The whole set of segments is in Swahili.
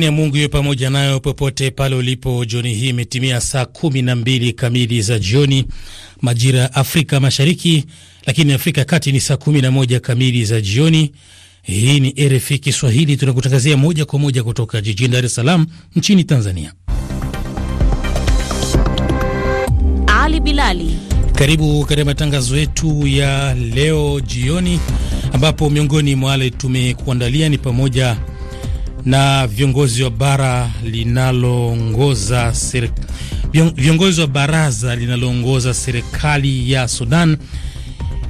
Amani ya Mungu iwe pamoja nayo popote pale ulipo. Jioni hii imetimia saa kumi na mbili kamili za jioni majira ya Afrika Mashariki, lakini Afrika ya Kati ni saa kumi na moja kamili za jioni. Hii ni RFI Kiswahili, tunakutangazia moja kwa moja kutoka jijini Dar es Salaam nchini Tanzania. Ali Bilali, karibu katika matangazo yetu ya leo jioni, ambapo miongoni mwa wale tumekuandalia ni pamoja na viongozi wa bara linaloongoza viongozi wa baraza linaloongoza serikali ya Sudan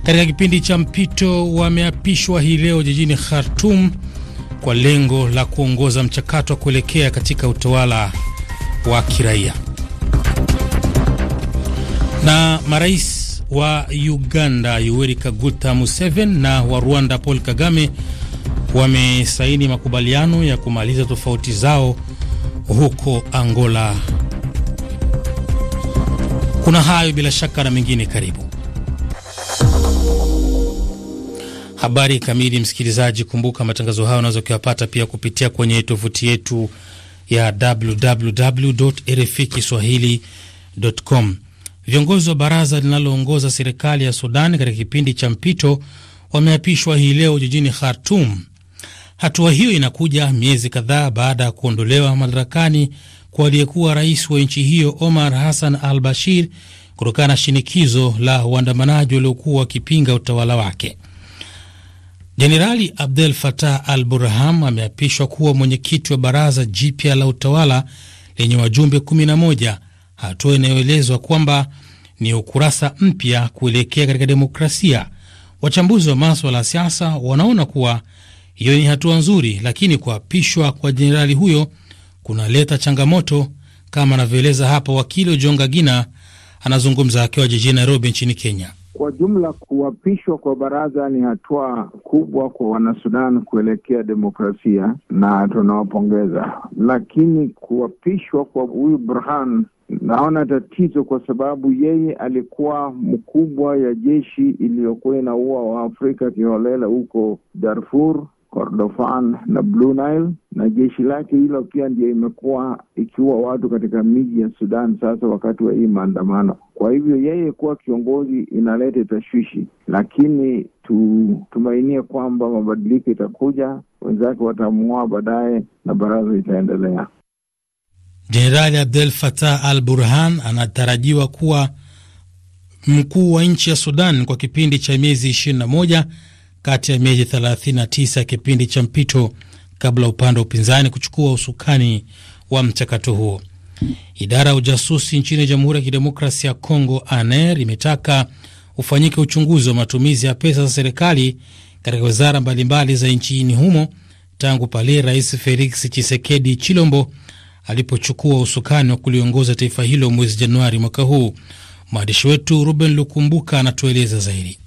katika kipindi cha mpito wameapishwa hii leo jijini Khartoum kwa lengo la kuongoza mchakato wa kuelekea katika utawala wa kiraia. Na marais wa Uganda Yoweri Kaguta Museveni na wa Rwanda Paul Kagame wamesaini makubaliano ya kumaliza tofauti zao huko Angola. Kuna hayo bila shaka na mengine, karibu habari kamili. Msikilizaji, kumbuka matangazo hayo unaweza kuyapata pia kupitia kwenye tovuti yetu ya www Kiswahili.com. Viongozi wa baraza linaloongoza serikali ya sudan katika kipindi cha mpito wameapishwa hii leo jijini Khartum. Hatua hiyo inakuja miezi kadhaa baada ya kuondolewa madarakani kwa aliyekuwa rais wa nchi hiyo Omar Hassan al Bashir kutokana na shinikizo la waandamanaji waliokuwa wakipinga utawala wake. Jenerali Abdel Fattah al Burham ameapishwa kuwa mwenyekiti wa baraza jipya la utawala lenye wajumbe 11, hatua inayoelezwa kwamba ni ukurasa mpya kuelekea katika demokrasia Wachambuzi wa maswala ya siasa wanaona kuwa hiyo ni hatua nzuri, lakini kuapishwa kwa jenerali huyo kunaleta changamoto kama anavyoeleza hapa wakili ujonga Gina anazungumza akiwa jijini Nairobi nchini Kenya. Kwa jumla kuapishwa kwa baraza ni hatua kubwa kwa Wanasudan kuelekea demokrasia na tunawapongeza, lakini kuapishwa kwa huyu Burhan Naona tatizo kwa sababu yeye alikuwa mkubwa ya jeshi iliyokuwa inaua Waafrika kiholela huko Darfur, Kordofan na Blue Nile, na jeshi lake hilo pia ndio imekuwa ikiua watu katika miji ya Sudan sasa wakati wa hii maandamano. Kwa hivyo yeye kuwa kiongozi inaleta tashwishi, lakini tutumainie kwamba mabadiliko itakuja, wenzake watamng'oa baadaye na baraza itaendelea. Jenerali Abdel Fattah al Burhan anatarajiwa kuwa mkuu wa nchi ya Sudan kwa kipindi cha miezi 21 kati ya miezi 39 ya kipindi cha mpito kabla upande wa upinzani kuchukua usukani wa mchakato huo. Idara ya ujasusi nchini Jamhuri ya Kidemokrasia ya Kongo, ANER, imetaka ufanyike uchunguzi wa matumizi ya pesa za serikali katika wizara mbalimbali za nchini humo tangu pale Rais Felix chisekedi Chilombo alipochukua usukani wa kuliongoza taifa hilo mwezi Januari mwaka huu. Mwandishi wetu Ruben Lukumbuka anatueleza zaidi.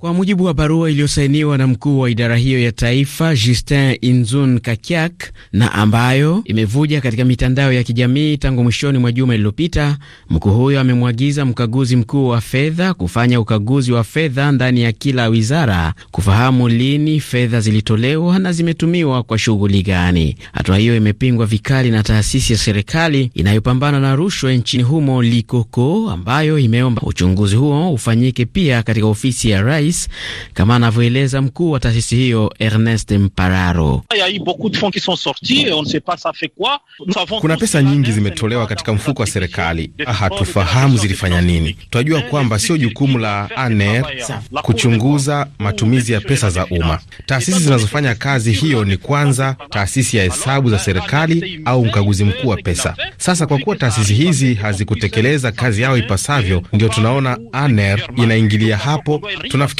Kwa mujibu wa barua iliyosainiwa na mkuu wa idara hiyo ya taifa Justin Inzun kakiak na ambayo imevuja katika mitandao ya kijamii tangu mwishoni mwa juma lililopita, mkuu huyo amemwagiza mkaguzi mkuu wa fedha kufanya ukaguzi wa fedha ndani ya kila wizara kufahamu lini fedha zilitolewa na zimetumiwa kwa shughuli gani. Hatua hiyo imepingwa vikali na taasisi ya serikali inayopambana na rushwa nchini humo Likoko, ambayo imeomba uchunguzi huo ufanyike pia katika ofisi ya rais Paris, kama anavyoeleza mkuu wa taasisi hiyo Ernest Mpararo. Kuna pesa nyingi zimetolewa katika mfuko wa serikali, ah, hatufahamu zilifanya nini. Tunajua kwamba sio jukumu la ANER kuchunguza matumizi ya pesa za umma. Taasisi zinazofanya kazi hiyo ni kwanza taasisi ya hesabu za serikali au mkaguzi mkuu wa pesa. Sasa kwa kuwa taasisi hizi hazikutekeleza kazi yao ipasavyo, ndio tunaona ANER inaingilia hapo. Tunafikiri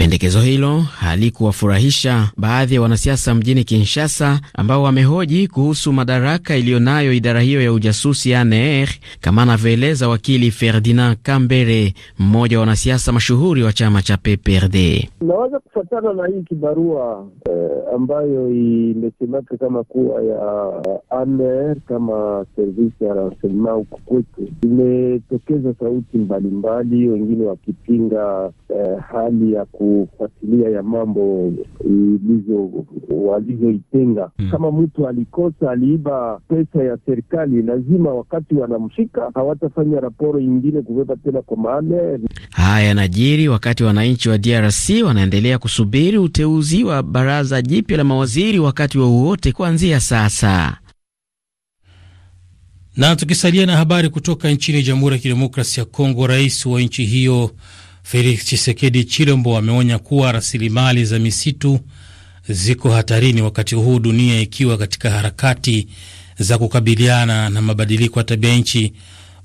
Pendekezo hilo halikuwafurahisha baadhi ya wanasiasa mjini Kinshasa ambao wamehoji kuhusu madaraka iliyonayo idara hiyo ya ujasusi ANR, kama anavyoeleza wakili Ferdinand Kambere, mmoja wa wanasiasa mashuhuri wa chama cha PPRD. Naweza kufuatana na hii kibarua eh, ambayo imesemeka kama kuwa ya ANR kama servisi ya ranseleman huku kwetu, imetokeza sauti mbalimbali, wengine wakipinga eh, hali ya ku kufuatilia ya mambo walizoitenga. mm. Kama mtu alikosa aliiba pesa ya serikali, lazima wakati wanamshika hawatafanya raporo ingine kubeba tena kwa maane. Haya yanajiri wakati wananchi wa DRC wanaendelea kusubiri uteuzi wa baraza jipya la mawaziri wakati wowote wa kuanzia sasa. Na tukisalia na habari kutoka nchini Jamhuri ya Kidemokrasi ya Kongo, rais wa nchi hiyo Felix Chisekedi Chilombo ameonya kuwa rasilimali za misitu ziko hatarini wakati huu dunia ikiwa katika harakati za kukabiliana na mabadiliko ya tabia nchi.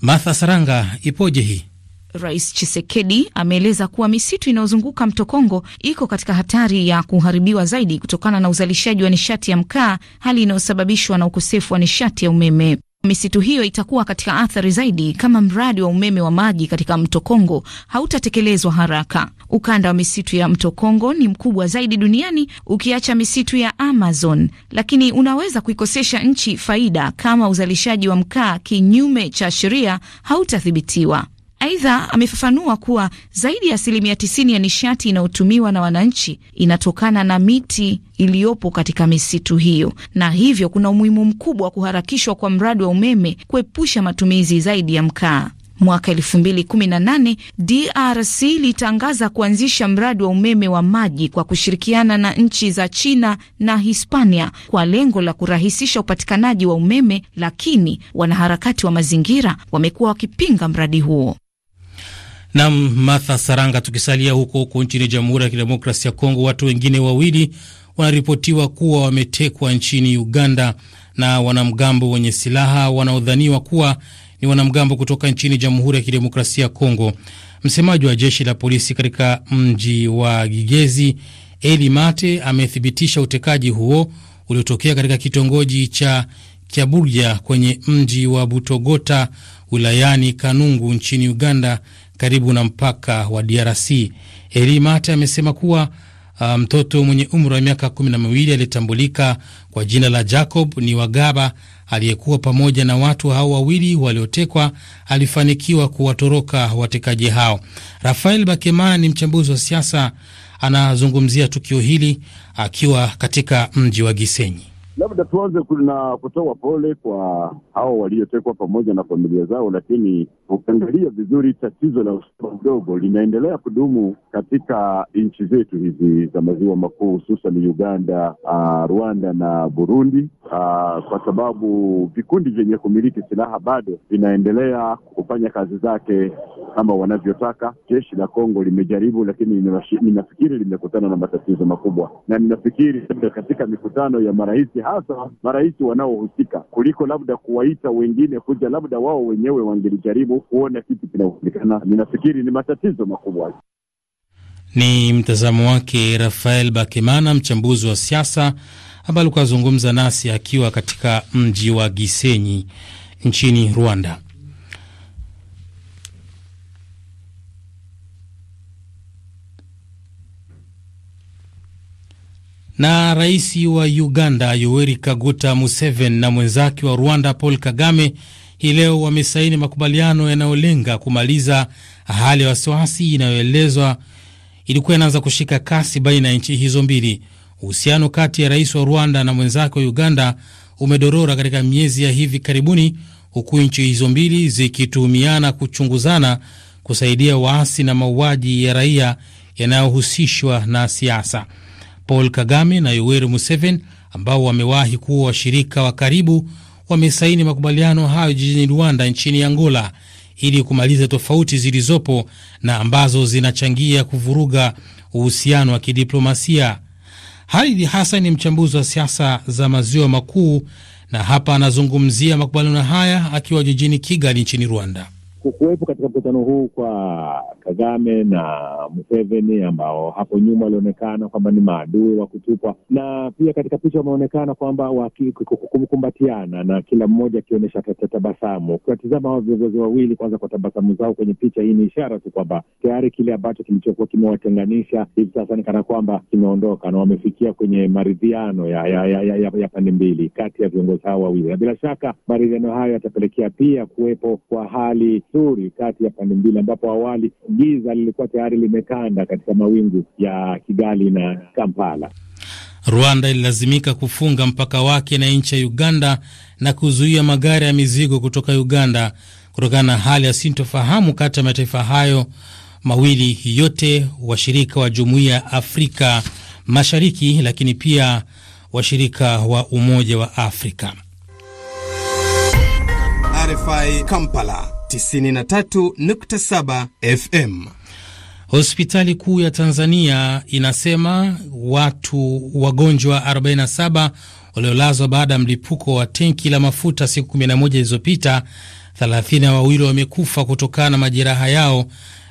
Martha Saranga, ipoje hii? Rais Chisekedi ameeleza kuwa misitu inayozunguka mto Kongo iko katika hatari ya kuharibiwa zaidi kutokana na uzalishaji wa nishati ya mkaa, hali inayosababishwa na ukosefu wa nishati ya umeme. Misitu hiyo itakuwa katika athari zaidi kama mradi wa umeme wa maji katika mto Kongo hautatekelezwa haraka. Ukanda wa misitu ya mto Kongo ni mkubwa zaidi duniani ukiacha misitu ya Amazon, lakini unaweza kuikosesha nchi faida kama uzalishaji wa mkaa kinyume cha sheria hautathibitiwa. Aidha, amefafanua kuwa zaidi ya asilimia tisini ya nishati inayotumiwa na wananchi inatokana na miti iliyopo katika misitu hiyo, na hivyo kuna umuhimu mkubwa wa kuharakishwa kwa mradi wa umeme kuepusha matumizi zaidi ya mkaa. Mwaka 2018 DRC ilitangaza kuanzisha mradi wa umeme wa maji kwa kushirikiana na nchi za China na Hispania kwa lengo la kurahisisha upatikanaji wa umeme, lakini wanaharakati wa mazingira wamekuwa wakipinga mradi huo. Nam Martha Saranga. Tukisalia huko huko nchini Jamhuri ya Kidemokrasi ya Kongo, watu wengine wawili wanaripotiwa kuwa wametekwa nchini Uganda na wanamgambo wenye silaha wanaodhaniwa kuwa ni wanamgambo kutoka nchini Jamhuri ya Kidemokrasia ya Kongo. Msemaji wa jeshi la polisi katika mji wa Gigezi, Eli Mate, amethibitisha utekaji huo uliotokea katika kitongoji cha Kyaburya kwenye mji wa Butogota wilayani Kanungu nchini Uganda karibu na mpaka wa DRC. Eli Mate amesema kuwa uh, mtoto mwenye umri wa miaka kumi na miwili aliyetambulika kwa jina la Jacob ni Wagaba aliyekuwa pamoja na watu hao wawili waliotekwa alifanikiwa kuwatoroka watekaji hao. Rafael Bakemana ni mchambuzi wa siasa, anazungumzia tukio hili akiwa katika mji wa Gisenyi. Labda tuanze na kutoa pole kwa hao waliotekwa pamoja na familia zao, lakini Ukiangalia vizuri, tatizo la usawa mdogo linaendelea kudumu katika nchi zetu hizi za maziwa makuu, hususan Uganda, uh, Rwanda na Burundi, uh, kwa sababu vikundi vyenye kumiliki silaha bado vinaendelea kufanya kazi zake kama wanavyotaka. Jeshi la Kongo limejaribu, lakini ninafikiri limekutana na matatizo makubwa, na ninafikiri labda katika mikutano ya marais, hasa marais wanaohusika, kuliko labda kuwaita wengine kuja, labda wao wenyewe wangelijaribu nguvu kuona kitu kinaonekana. Ninafikiri ni matatizo makubwa. Ni mtazamo wake Rafael Bakemana, mchambuzi wa siasa, ambaye alikuwa azungumza nasi akiwa katika mji wa Gisenyi nchini Rwanda. Na rais wa Uganda Yoweri Kaguta Museveni na mwenzake wa Rwanda Paul Kagame hii leo wamesaini makubaliano yanayolenga kumaliza hali ya wasiwasi inayoelezwa ilikuwa inaanza kushika kasi baina ya nchi hizo mbili. Uhusiano kati ya rais wa Rwanda na mwenzake wa Uganda umedorora katika miezi ya hivi karibuni, huku nchi hizo mbili zikituhumiana kuchunguzana kusaidia waasi na mauaji ya raia yanayohusishwa na siasa. Paul Kagame na Yoweri Museveni ambao wamewahi kuwa washirika wa karibu wamesaini makubaliano hayo jijini Luanda nchini Angola ili kumaliza tofauti zilizopo na ambazo zinachangia kuvuruga uhusiano wa kidiplomasia. Halidi Hassan ni mchambuzi wa siasa za maziwa makuu na hapa anazungumzia makubaliano haya akiwa jijini Kigali nchini Rwanda kukuwepo katika mkutano huu kwa Kagame na Museveni ambao hapo nyuma walionekana kwamba ni maadui wa kutupwa, na pia katika picha wameonekana kwamba wakikumbatiana na kila mmoja akionyesha tabasamu. Ukiwatizama hao viongozi wawili kwanza kwa tabasamu zao kwenye picha hii, ni ishara tu kwamba tayari kile ambacho kilichokuwa kimewatenganisha hivi sasa ni kana kwamba kimeondoka na wamefikia kwenye maridhiano ya, ya, ya, ya, ya, ya pande mbili kati ya viongozi hao wawili, na bila shaka maridhiano hayo yatapelekea pia kuwepo kwa hali nzuri kati ya pande mbili, ambapo awali giza lilikuwa tayari limekanda katika mawingu ya Kigali na Kampala. Rwanda ililazimika kufunga mpaka wake na nchi ya Uganda na kuzuia magari ya mizigo kutoka Uganda kutokana na hali ya sintofahamu kati ya mataifa hayo mawili yote, washirika wa jumuiya ya Afrika Mashariki, lakini pia washirika wa Umoja wa Afrika. RFI Kampala 93.7 FM. Hospitali Kuu ya Tanzania inasema watu wagonjwa 47 waliolazwa baada ya mlipuko wa tenki la mafuta siku 11 zilizopita, wawili wamekufa kutokana na majeraha yao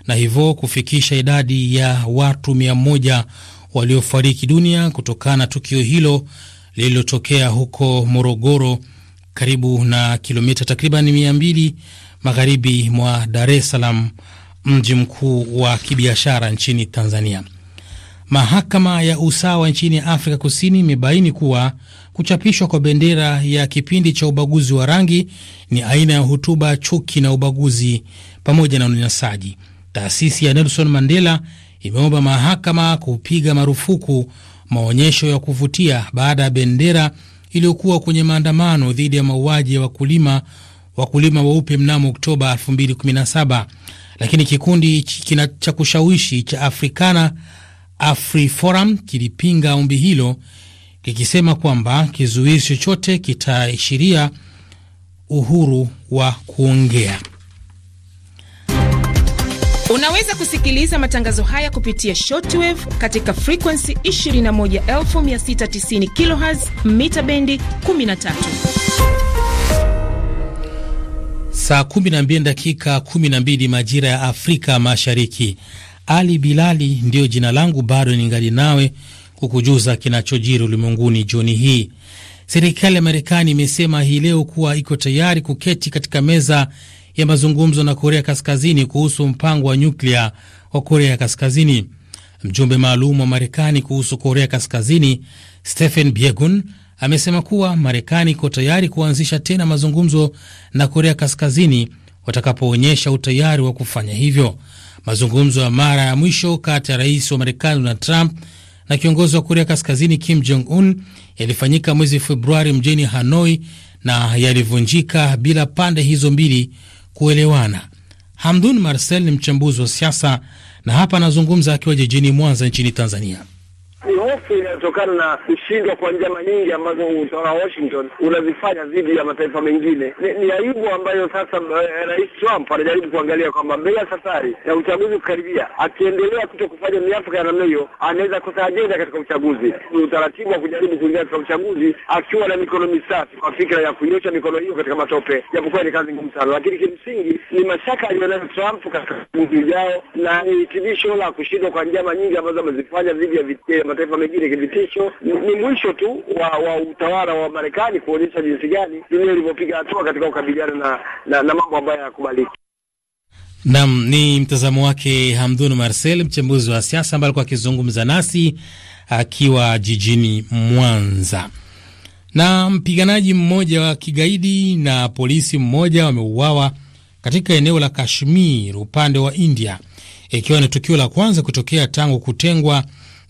na hivyo kufikisha idadi ya watu 100 waliofariki dunia kutokana na tukio hilo lililotokea huko Morogoro, karibu na kilomita takriban 200 magharibi mwa Dar es Salaam, mji mkuu wa kibiashara nchini Tanzania. Mahakama ya usawa nchini Afrika Kusini imebaini kuwa kuchapishwa kwa bendera ya kipindi cha ubaguzi wa rangi ni aina ya hotuba chuki na ubaguzi pamoja na unyanyasaji. Taasisi ya Nelson Mandela imeomba mahakama kupiga marufuku maonyesho ya kuvutia baada ya bendera iliyokuwa kwenye maandamano dhidi ya mauaji ya wakulima wakulima weupe mnamo Oktoba 2017, lakini kikundi cha kushawishi cha Africana AfriForum kilipinga ombi hilo kikisema kwamba kizuizi chochote kitaashiria uhuru wa kuongea. Unaweza kusikiliza matangazo haya kupitia shortwave katika frekuensi 21690 kHz mita bendi 13. Saa mbili dakika mbili majira ya Afrika Mashariki. Ali Bilali ndiyo jina langu, bado ningali nawe kukujuza kinachojiri ulimwenguni jioni hii. Serikali ya Marekani imesema hii leo kuwa iko tayari kuketi katika meza ya mazungumzo na Korea Kaskazini kuhusu mpango wa nyuklia wa Korea Kaskazini. Mjumbe maalum wa Marekani kuhusu Korea Kaskazini Stephen Biegun amesema kuwa Marekani iko tayari kuanzisha tena mazungumzo na Korea Kaskazini watakapoonyesha utayari wa kufanya hivyo. Mazungumzo ya mara ya mwisho kati ya rais wa Marekani Donald Trump na kiongozi wa Korea Kaskazini Kim Jong Un yalifanyika mwezi Februari mjini Hanoi na yalivunjika bila pande hizo mbili kuelewana. Hamdun Marcel ni mchambuzi wa siasa na hapa anazungumza akiwa jijini Mwanza nchini Tanzania hofu inayotokana na kushindwa kwa njama nyingi ambazo utawala wa Washington unazifanya dhidi ya mataifa mengine. Ni, ni aibu ambayo sasa eh, Rais Trump anajaribu kuangalia kwamba mbele ya safari ya uchaguzi kukaribia, akiendelea kuto kufanya miafaka ya namna hiyo, anaweza kosa ajenda katika uchaguzi. Ni utaratibu wa kujaribu kuingia katika uchaguzi akiwa na mikono misafi, kwa fikra ya kunyosha mikono hiyo katika matope, japokuwa ni kazi ngumu sana, lakini kimsingi ni mashaka aliyonayo Trump katika uchaguzi ujao, na ni hitimisho la kushindwa kwa njama nyingi ambazo amezifanya dhidi ya mataifa wamejiri kivitisho. Ni mwisho tu wa, wa utawala wa Marekani kuonyesha jinsi gani dunia ilivyopiga hatua katika kukabiliana na, na, na mambo ambayo hayakubaliki. Naam, ni mtazamo wake Hamdun Marcel, mchambuzi wa siasa ambaye alikuwa akizungumza nasi akiwa jijini Mwanza. Na mpiganaji mmoja wa kigaidi na polisi mmoja wameuawa katika eneo la Kashmir upande wa India, ikiwa ni tukio la kwanza kutokea tangu kutengwa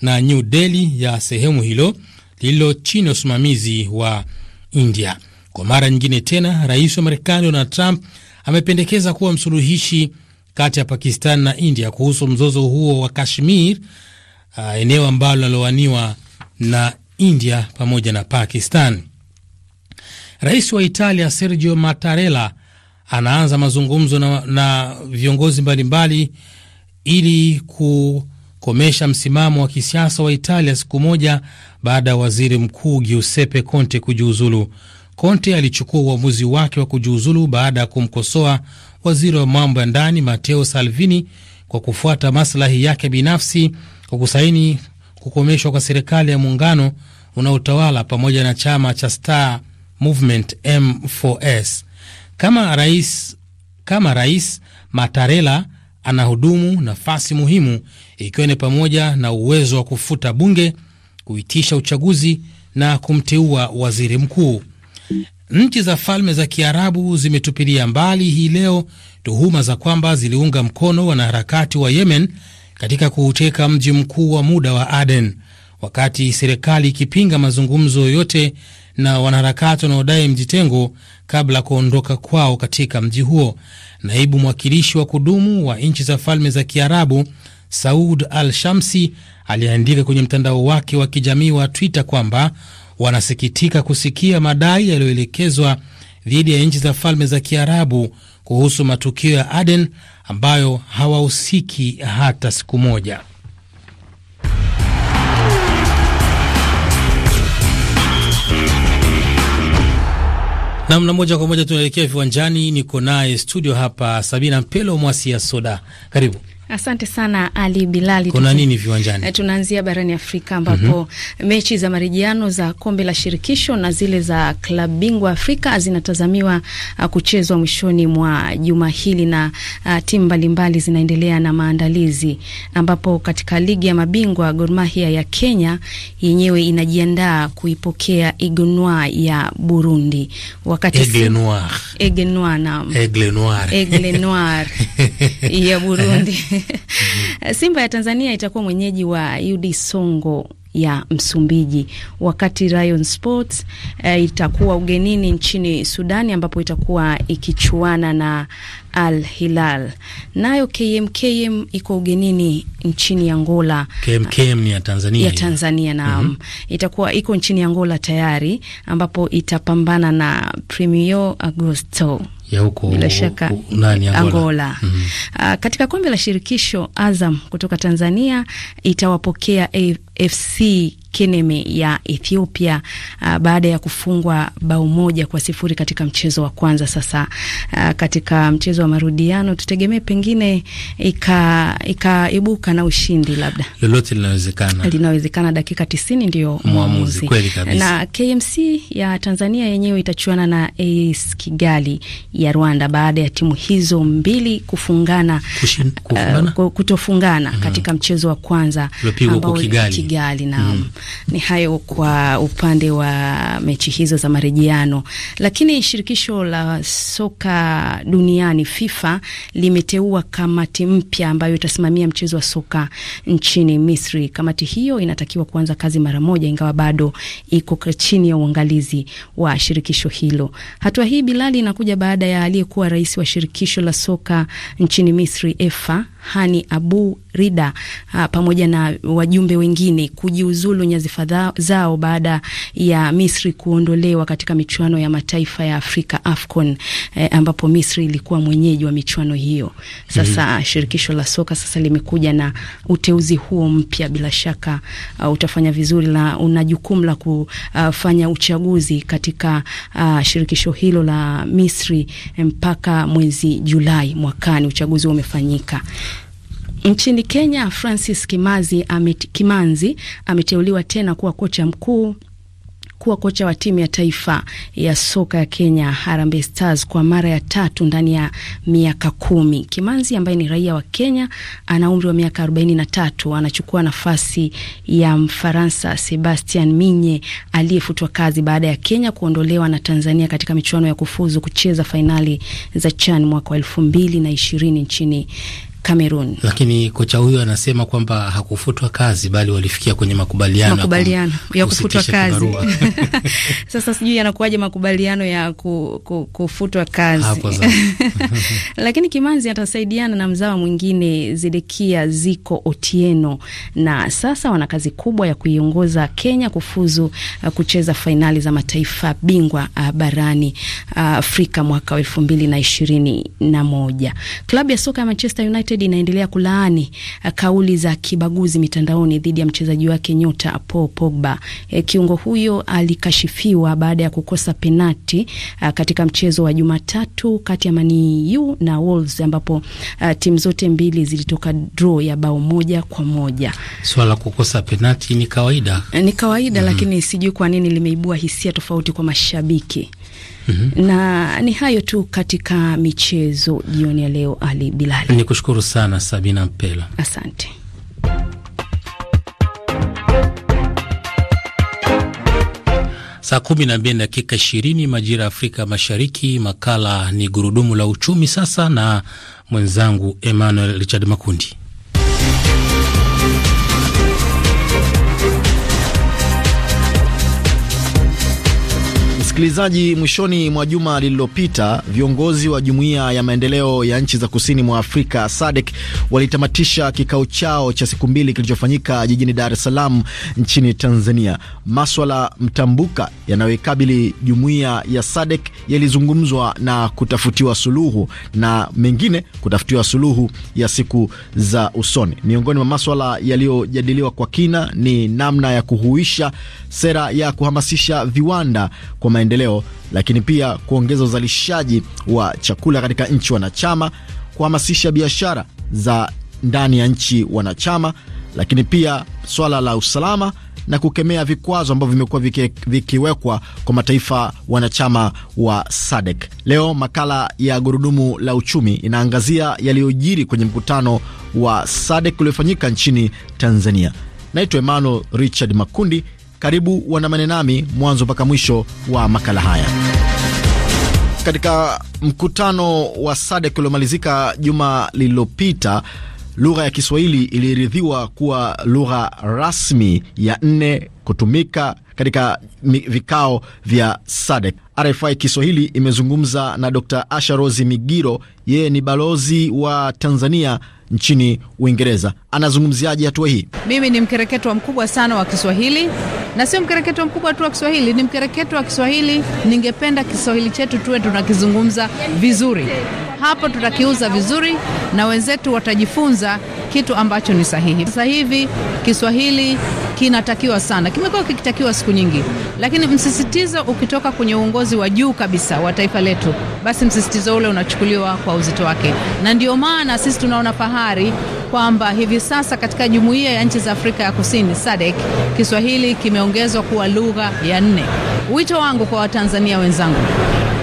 na New Delhi ya sehemu hilo lililo chini ya usimamizi wa India. Kwa mara nyingine tena, rais wa Marekani Donald Trump amependekeza kuwa msuluhishi kati ya Pakistan na India kuhusu mzozo huo wa Kashmir, uh, eneo ambalo linalowaniwa na India pamoja na Pakistan. Rais wa Italia Sergio Mattarella anaanza mazungumzo na, na viongozi mbalimbali ili ku kukomesha msimamo wa kisiasa wa Italia siku moja baada ya waziri mkuu Giuseppe Conte kujiuzulu. Conte alichukua uamuzi wake wa kujiuzulu baada ya kumkosoa waziri wa mambo ya ndani Matteo Salvini kwa kufuata maslahi yake binafsi kwa kusaini kukomeshwa kwa serikali ya muungano unaotawala pamoja na chama cha Star Movement M4S. Kama rais, kama rais Matarela anahudumu nafasi muhimu ikiwa ni pamoja na uwezo wa kufuta bunge, kuitisha uchaguzi na kumteua waziri mkuu. Nchi za Falme za Kiarabu zimetupilia mbali hii leo tuhuma za kwamba ziliunga mkono wanaharakati wa Yemen katika kuuteka mji mkuu wa muda wa Aden, wakati serikali ikipinga mazungumzo yoyote na wanaharakati wanaodai mjitengo kabla ya kuondoka kwao katika mji huo. Naibu mwakilishi wa kudumu wa nchi za Falme za Kiarabu Saud al-Shamsi aliandika kwenye mtandao wake wa kijamii wa Twitter kwamba wanasikitika kusikia madai yaliyoelekezwa dhidi ya nchi za Falme za Kiarabu kuhusu matukio ya Aden ambayo hawahusiki hata siku moja. Namna moja kwa moja tunaelekea viwanjani. Niko naye studio hapa Sabina Mpelo Mwasia Soda, karibu. Asante sana Ali Bilali. Kuna nini viwanjani? Eh, tunaanzia barani Afrika ambapo mm -hmm. mechi za marejiano za kombe la shirikisho na zile za klabu bingwa Afrika zinatazamiwa ah, kuchezwa mwishoni mwa juma hili na uh, timu mbalimbali zinaendelea na maandalizi, ambapo katika ligi ya mabingwa Gor Mahia ya Kenya yenyewe inajiandaa kuipokea Aigle Noir ya Burundi, wakati Aigle Noir, Aigle Noir, naam, Aigle Noir, Aigle Noir ya Burundi Simba ya Tanzania itakuwa mwenyeji wa UD Songo ya Msumbiji, wakati Rayon Sports eh, itakuwa ugenini nchini Sudani ambapo itakuwa ikichuana na Al Hilal. Nayo KMKM iko ugenini nchini Angola. KMKM ya Tanzania, ya Tanzania naam. Mm -hmm. Itakuwa iko nchini Angola tayari ambapo itapambana na Premio Agosto ya huko bila shaka nani Angola, Angola. Mm -hmm. Uh, katika kombe la shirikisho Azam kutoka Tanzania itawapokea AFC Keneme ya Ethiopia uh, baada ya kufungwa bao moja kwa sifuri katika mchezo wa kwanza. Sasa uh, katika mchezo wa marudiano tutegemee pengine ikaibuka ika na ushindi, labda lolote linawezekana, linawezekana. Dakika tisini ndio mwamuzi na KMC ya Tanzania yenyewe itachuana na AS Kigali ya Rwanda baada ya timu hizo mbili kufungana, Kushin, uh, kufungana? Uh, kutofungana mm -hmm. katika mchezo wa kwanza ambao Kigali, Kigali na mm -hmm. Ni hayo kwa upande wa mechi hizo za marejiano, lakini shirikisho la soka duniani FIFA limeteua kamati mpya ambayo itasimamia mchezo wa soka nchini Misri. Kamati hiyo inatakiwa kuanza kazi mara moja, ingawa bado iko chini ya uangalizi wa shirikisho hilo. Hatua hii Bilali inakuja baada ya aliyekuwa rais wa shirikisho la soka nchini Misri EFA Hani Abu Rida ah, pamoja na wajumbe wengine kujiuzulu kufanya zao baada ya Misri kuondolewa katika michuano ya mataifa ya Afrika AFCON, eh, ambapo Misri ilikuwa mwenyeji wa michuano hiyo. Sasa mm -hmm. shirikisho la soka sasa limekuja na uteuzi huo mpya, bila shaka uh, utafanya vizuri na una jukumu la kufanya uchaguzi katika uh, shirikisho hilo la Misri mpaka mwezi Julai mwakani uchaguzi umefanyika. Nchini Kenya, Francis Kimazi amet, Kimanzi ameteuliwa tena kuwa kocha mkuu kuwa kocha wa timu ya taifa ya soka ya Kenya Harambee Stars kwa mara ya tatu ndani ya miaka kumi. Kimanzi ambaye ni raia wa Kenya ana umri wa miaka 43 anachukua nafasi ya Mfaransa Sebastian Minye aliyefutwa kazi baada ya Kenya kuondolewa na Tanzania katika michuano ya kufuzu kucheza fainali za CHAN mwaka wa ishirini nchini Kamerun. Lakini kocha huyo anasema kwamba hakufutwa kazi bali walifikia kwenye makubaliano, makubaliano ya kufutwa kazi. Sasa sijui yanakuwaje makubaliano ya ku, ku, kufutwa kazi lakini Kimanzi atasaidiana na mzawa mwingine Zedekia Ziko Otieno, na sasa wana kazi kubwa ya kuiongoza Kenya kufuzu uh, kucheza fainali za mataifa bingwa uh, barani uh, Afrika mwaka elfu mbili na ishirini na moja. Klabu ya soka ya Manchester United United inaendelea kulaani eh, kauli za kibaguzi mitandaoni dhidi ya mchezaji wake nyota Paul Pogba. E, kiungo huyo alikashifiwa baada ya kukosa penati a, eh, katika mchezo wa Jumatatu kati ya Man U na Wolves ambapo timu zote mbili zilitoka draw ya bao moja kwa moja. Swala kukosa penati ni kawaida. Ni kawaida mm, lakini sijui kwa nini limeibua hisia tofauti kwa mashabiki. Mm-hmm. na ni hayo tu katika michezo jioni ya leo. Ali Bilali, ni kushukuru sana Sabina Mpela, asante. Saa kumi na mbili dakika ishirini majira ya Afrika Mashariki. Makala ni gurudumu la uchumi sasa, na mwenzangu Emmanuel Richard Makundi. Msikilizaji, mwishoni mwa juma lililopita viongozi wa jumuiya ya maendeleo ya nchi za kusini mwa Afrika SADC walitamatisha kikao chao cha siku mbili kilichofanyika jijini Dar es Salaam nchini Tanzania. Maswala mtambuka yanayoikabili jumuiya ya SADC yalizungumzwa na kutafutiwa suluhu na mengine kutafutiwa suluhu ya siku za usoni. Miongoni mwa maswala yaliyojadiliwa kwa kina ni namna ya kuhuisha sera ya kuhamasisha viwanda kwa maendeleo maendeleo, lakini pia kuongeza uzalishaji wa chakula katika nchi wanachama, kuhamasisha biashara za ndani ya nchi wanachama, lakini pia swala la usalama na kukemea vikwazo ambavyo vimekuwa vikiwekwa kwa mataifa wanachama wa SADC. Leo makala ya gurudumu la uchumi inaangazia yaliyojiri kwenye mkutano wa SADC uliofanyika nchini Tanzania. Naitwa Emmanuel Richard Makundi. Karibu wanamane nami mwanzo mpaka mwisho wa makala haya. Katika mkutano wa SADC uliomalizika juma lililopita, lugha ya Kiswahili iliridhiwa kuwa lugha rasmi ya nne kutumika katika vikao vya SADC. RFI Kiswahili imezungumza na Dr. Asha Rosi Migiro, yeye ni balozi wa Tanzania nchini Uingereza. Anazungumziaje hatua hii? Mimi ni mkereketo mkubwa sana wa Kiswahili, na sio mkereketo mkubwa tu wa Kiswahili, ni mkereketo wa Kiswahili. Ningependa Kiswahili chetu tuwe tunakizungumza vizuri, hapo tutakiuza vizuri na wenzetu watajifunza kitu ambacho ni sahihi. Sasa hivi Kiswahili kinatakiwa sana, kimekuwa kikitakiwa siku nyingi, lakini msisitizo ukitoka kwenye uongozi wa juu kabisa wa taifa letu, basi msisitizo ule unachukuliwa kwa uzito wake, na ndio maana sisi tunaona fahari kwamba hivi sasa katika jumuiya ya nchi za Afrika ya Kusini SADC Kiswahili kimeongezwa kuwa lugha ya nne. Wito wangu kwa Watanzania wenzangu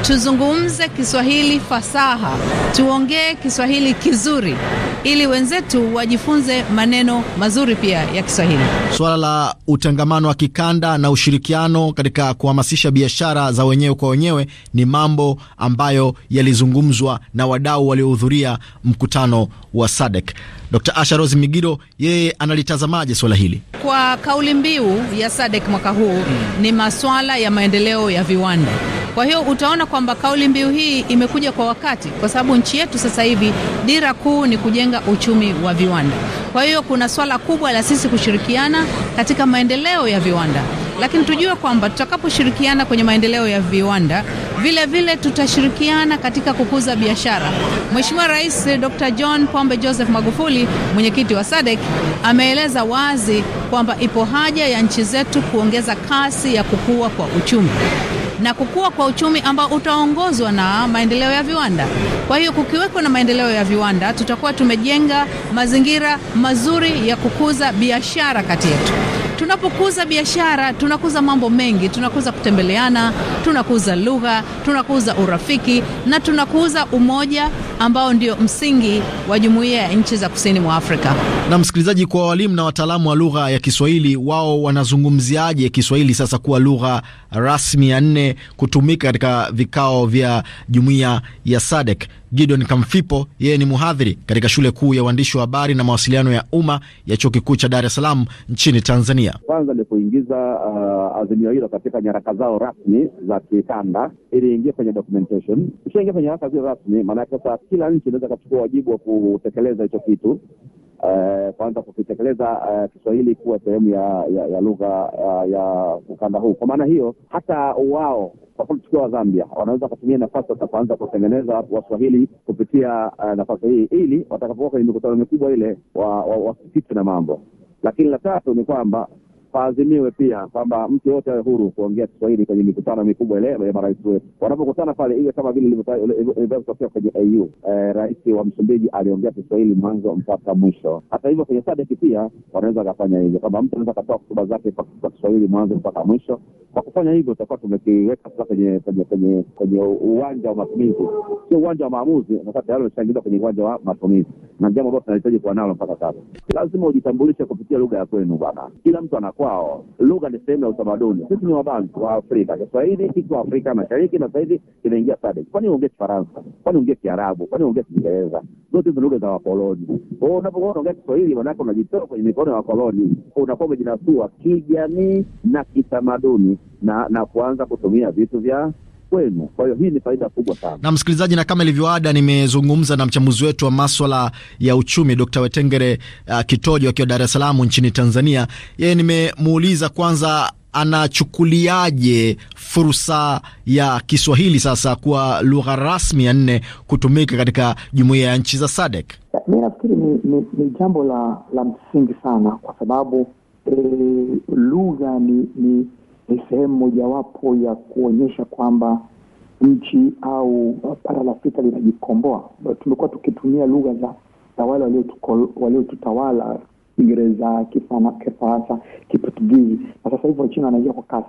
tuzungumze Kiswahili fasaha, tuongee Kiswahili kizuri ili wenzetu wajifunze maneno mazuri pia ya Kiswahili. Suala la utangamano wa kikanda na ushirikiano katika kuhamasisha biashara za wenyewe kwa wenyewe ni mambo ambayo yalizungumzwa na wadau waliohudhuria mkutano wa SADC. Dr. Asha Rose Migiro, yeye analitazamaje swala hili? Kwa kauli mbiu ya SADC mwaka huu hmm, ni maswala ya maendeleo ya viwanda kwa hiyo utaona kwamba kauli mbiu hii imekuja kwa wakati, kwa sababu nchi yetu sasa hivi dira kuu ni kujenga uchumi wa viwanda. Kwa hiyo kuna swala kubwa la sisi kushirikiana katika maendeleo ya viwanda, lakini tujue kwamba tutakaposhirikiana kwenye maendeleo ya viwanda vile vile tutashirikiana katika kukuza biashara. Mheshimiwa Rais Dr. John Pombe Joseph Magufuli, mwenyekiti wa SADC, ameeleza wazi kwamba ipo haja ya nchi zetu kuongeza kasi ya kukua kwa uchumi na kukua kwa uchumi ambao utaongozwa na maendeleo ya viwanda. Kwa hiyo kukiweko na maendeleo ya viwanda, tutakuwa tumejenga mazingira mazuri ya kukuza biashara kati yetu. Tunapokuza biashara tunakuza mambo mengi, tunakuza kutembeleana, tunakuza lugha, tunakuza urafiki na tunakuza umoja ambao ndio msingi wa jumuiya ya nchi za kusini mwa Afrika. Na msikilizaji, kwa walimu na wataalamu wa lugha ya Kiswahili, wao wanazungumziaje Kiswahili sasa kuwa lugha rasmi ya nne kutumika katika vikao vya jumuiya ya SADC. Gideon Kamfipo yeye ni mhadhiri katika shule kuu ya uandishi wa habari na mawasiliano ya umma ya chuo kikuu cha Dar es Salaam nchini Tanzania. Kwanza ni kuingiza uh, azimio hilo katika nyaraka zao rasmi za kikanda ili ingie kwenye documentation. Ikishaingia kwenye nyaraka zile rasmi, maanake sasa kila nchi inaweza kachukua wajibu wa kutekeleza hicho kitu Eh, kwanza kukitekeleza uh, eh, Kiswahili kuwa sehemu ya, ya, ya lugha ya, eh, ya ukanda huu. Kwa maana hiyo hata wao kwa mfano tukiwa Zambia wanaweza kutumia nafasi sasa kuanza kutengeneza Waswahili kupitia uh, nafasi hii ili watakapokuwa kwenye mikutano mikubwa ile wasipitwe wa, wa, na mambo. Lakini la tatu ni kwamba paazimiwe pia kwamba mtu yoyote awe huru kuongea Kiswahili kwenye mikutano mikubwa ile ya marais wetu wanapokutana pale, iwe kama vile ilivyotokea kwenye AU. Eh, rais wa Msumbiji aliongea Kiswahili mwanzo mpaka mwisho. Hata hivyo kwenye SADC pia wanaweza akafanya hivyo, kwamba mtu anaweza akatoa hotuba zake kwa Kiswahili mwanzo mpaka mwisho. Kwa kufanya hivyo, tutakuwa tumekiweka sasa kwenye kwenye kwenye kwenye uwanja wa matumizi, sio uwanja wa maamuzi, na sasa tayari umeshaingizwa kwenye uwanja wa matumizi, na jambo ambalo tunahitaji kuwa nalo mpaka sasa. Lazima ujitambulishe kupitia lugha ya kwenu bwana, kila mtu ana kwao. Lugha ni sehemu ya utamaduni. Sisi ni wabantu wa Afrika. Kiswahili kiko Afrika Mashariki na sahizi kinaingia SADC. Kwani uongee Kifaransa? Kwani uongee Kiarabu? Kwani uongee Kiingereza? Zote hizo lugha za wakoloni. Kwa hiyo unapokuwa unaongea Kiswahili, maanake unajitoa kwenye mikono ya wakoloni, unakuwa umejinasua kijamii na kitamaduni na na kuanza kutumia vitu vya kwenu. Kwa hiyo hii ni faida kubwa sana. Na msikilizaji, na kama ilivyoada, nimezungumza na mchambuzi wetu wa maswala ya uchumi Dr. Wetengere uh, Kitojo akiwa Dar es Salaam nchini Tanzania. Yeye nimemuuliza kwanza anachukuliaje fursa ya Kiswahili sasa kuwa lugha rasmi ya nne kutumika katika jumuiya ya nchi za SADC? Mi nafikiri ni, ni, ni jambo la, la msingi sana kwa sababu e, lugha ni, ni ni sehemu mojawapo ya kuonyesha kwamba nchi au uh, bara la Afrika linajikomboa. Tumekuwa tukitumia lugha za, za wale waliotutawala Kiingereza, Kifaransa, Kiportugizi na sasa hivi Wachina wanaingia kwa kasi.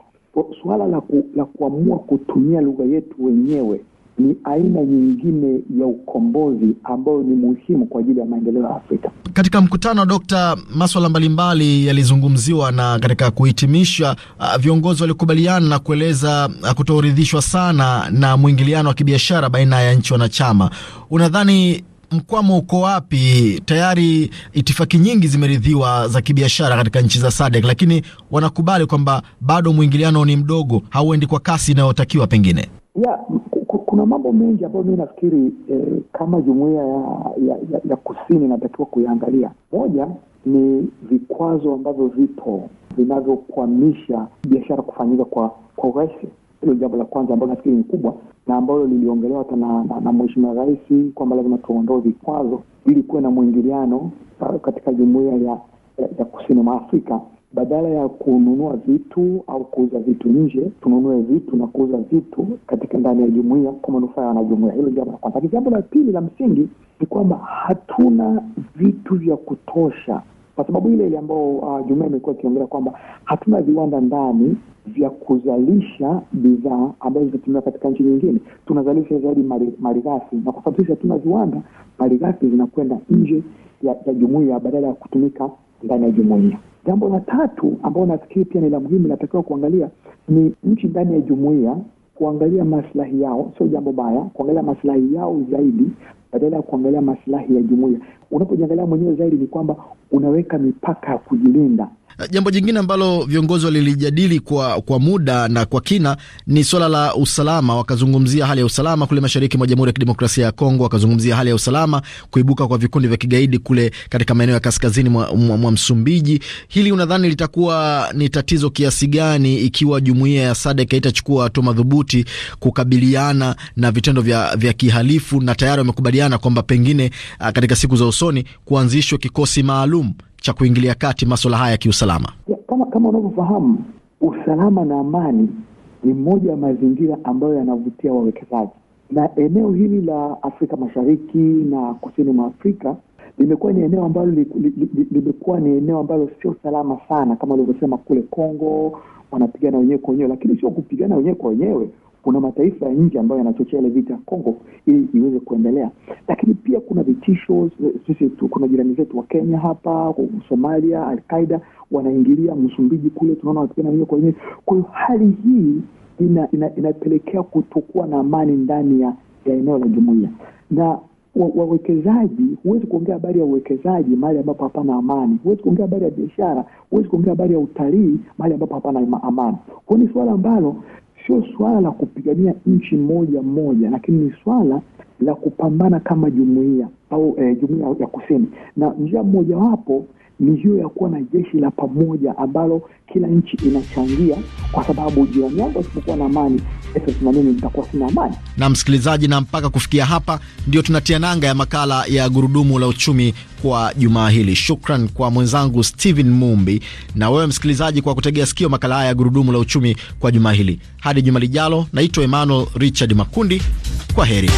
Suala la, ku, la kuamua kutumia lugha yetu wenyewe ni aina nyingine ya ukombozi ambayo ni muhimu kwa ajili ya maendeleo ya Afrika. Katika mkutano Dokta, maswala mbalimbali yalizungumziwa na katika kuhitimisha, uh, viongozi walikubaliana na kueleza uh, kutoridhishwa sana na mwingiliano wa kibiashara baina ya nchi wanachama. Unadhani mkwamo uko wapi? Tayari itifaki nyingi zimeridhiwa za kibiashara katika nchi za SADC, lakini wanakubali kwamba bado mwingiliano ni mdogo, hauendi kwa kasi inayotakiwa pengine ya kuna mambo mengi ambayo mi nafikiri eh, kama jumuiya ya, ya, ya, ya kusini inatakiwa kuyaangalia. Moja ni vikwazo ambavyo vipo vinavyokwamisha biashara kufanyika kwa kwa urahisi. Hilo jambo la kwanza ambalo nafikiri ni kubwa na ambalo liliongelewa hata na, na, na Mheshimiwa Rais kwamba lazima tuondoe vikwazo ili kuwe na mwingiliano eh, katika jumuiya ya, ya, ya kusini mwa Afrika badala ya kununua vitu au kuuza vitu nje, tununue vitu na kuuza vitu katika ndani ya jumuia kwa manufaa ya wanajumuia Hilo jambo la kwanza. Lakini jambo la pili la msingi ni kwamba hatuna vitu vya kutosha, kwa sababu ile ile ambayo uh, jumuia imekuwa ikiongelea kwamba hatuna viwanda ndani vya kuzalisha bidhaa ambazo zinatumiwa katika nchi nyingine. Tunazalisha zaidi malighafi, na kwa sababu sisi hatuna viwanda, malighafi zinakwenda nje ya, ya jumuiya badala ya kutumika ndani ya jumuiya. Jambo la tatu ambayo nafikiri pia ni la muhimu, inatakiwa kuangalia ni nchi ndani ya jumuiya kuangalia maslahi yao, sio jambo baya kuangalia maslahi yao zaidi badala ya kuangalia maslahi ya jumuiya. Unapojiangalia mwenyewe zaidi, ni kwamba unaweka mipaka ya kujilinda Eh, jambo jingine ambalo viongozi walilijadili kwa, kwa muda na kwa kina ni swala la usalama. Wakazungumzia hali ya usalama kule mashariki mwa Jamhuri ya Kidemokrasia ya Kongo, wakazungumzia hali ya usalama, kuibuka kwa vikundi vya kigaidi kule katika maeneo ya kaskazini mwa, mwa, mwa Msumbiji. Hili unadhani litakuwa ni tatizo kiasi gani ikiwa jumuiya ya SADC haitachukua hatua madhubuti kukabiliana na vitendo vya, vya kihalifu? Na tayari wamekubaliana kwamba pengine eh, katika siku za usoni kuanzishwe kikosi maalum cha kuingilia kati masuala haya ya kiusalama? Kama kama unavyofahamu, usalama na amani ni moja ya mazingira ambayo yanavutia wawekezaji, na eneo hili la Afrika Mashariki na kusini mwa Afrika limekuwa ni eneo ambalo limekuwa ni eneo ambalo sio salama sana, kama ulivyosema kule Kongo wanapigana wenyewe kwa wenyewe, lakini sio kupigana wenyewe kwa wenyewe, kuna mataifa ya nje ambayo yanachochea ile vita ya Kongo ili iweze kuendelea, lakini pia kuna vitisho sisi kuna jirani zetu wa Kenya hapa, Somalia, Alqaida wanaingilia Msumbiji kule, tunaona wakipigana wenyewe kwa wenyewe. Kwa hiyo hali hii ina, ina, inapelekea kutokuwa na amani ndani ya, ya eneo la jumuia na wawekezaji wa huwezi kuongea habari ya uwekezaji mahali ambapo hapana amani. Huwezi kuongea habari ya biashara, huwezi kuongea habari ya utalii mahali ambapo hapana amani. kwao ni suala ambalo sio swala la kupigania nchi moja moja, lakini ni swala la kupambana kama jumuia au eh, jumuia ya kusini, na njia mojawapo ni hiyo ya kuwa na jeshi la pamoja ambalo kila nchi inachangia, kwa sababu jirani yangu asipokuwa na amani, na mimi nitakuwa sina amani. Na msikilizaji, na mpaka kufikia hapa ndio tunatia nanga ya makala ya Gurudumu la Uchumi kwa jumaa hili. Shukran kwa mwenzangu stehen Mumbi na wewe msikilizaji kwa kutegea sikio makala haya ya Gurudumu la Uchumi kwa jumaa hili. Hadi juma lijalo, naitwa Emmanuel Richard Makundi. Kwa heri.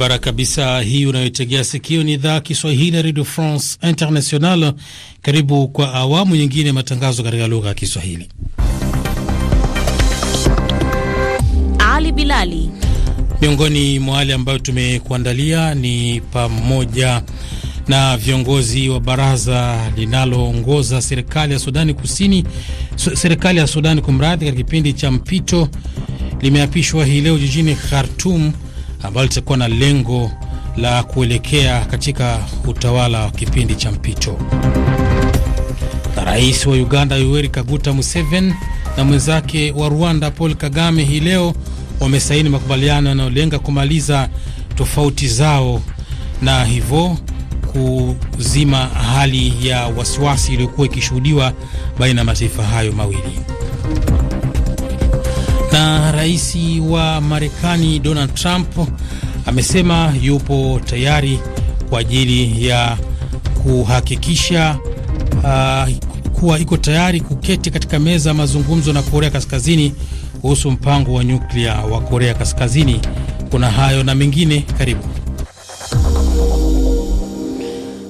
Barabara kabisa, hii unayoitegea sikio ni idhaa Kiswahili ya Radio France International. Karibu kwa awamu nyingine ya matangazo katika lugha ya Kiswahili. Ali Bilali, miongoni mwa wale ambayo tumekuandalia ni pamoja na viongozi wa baraza linaloongoza serikali ya Sudani Kusini, serikali ya Sudani kumradhi, katika kipindi cha mpito limeapishwa hii leo jijini Khartoum ambalo litakuwa na lengo la kuelekea katika utawala wa kipindi cha mpito. Rais wa Uganda Yoweri Kaguta Museveni na mwenzake wa Rwanda Paul Kagame hii leo wamesaini makubaliano yanayolenga kumaliza tofauti zao na hivyo kuzima hali ya wasiwasi iliyokuwa ikishuhudiwa baina ya mataifa hayo mawili na rais wa Marekani Donald Trump amesema yupo tayari kwa ajili ya kuhakikisha uh, kuwa iko tayari kuketi katika meza ya mazungumzo na Korea Kaskazini kuhusu mpango wa nyuklia wa Korea Kaskazini. Kuna hayo na mengine, karibu.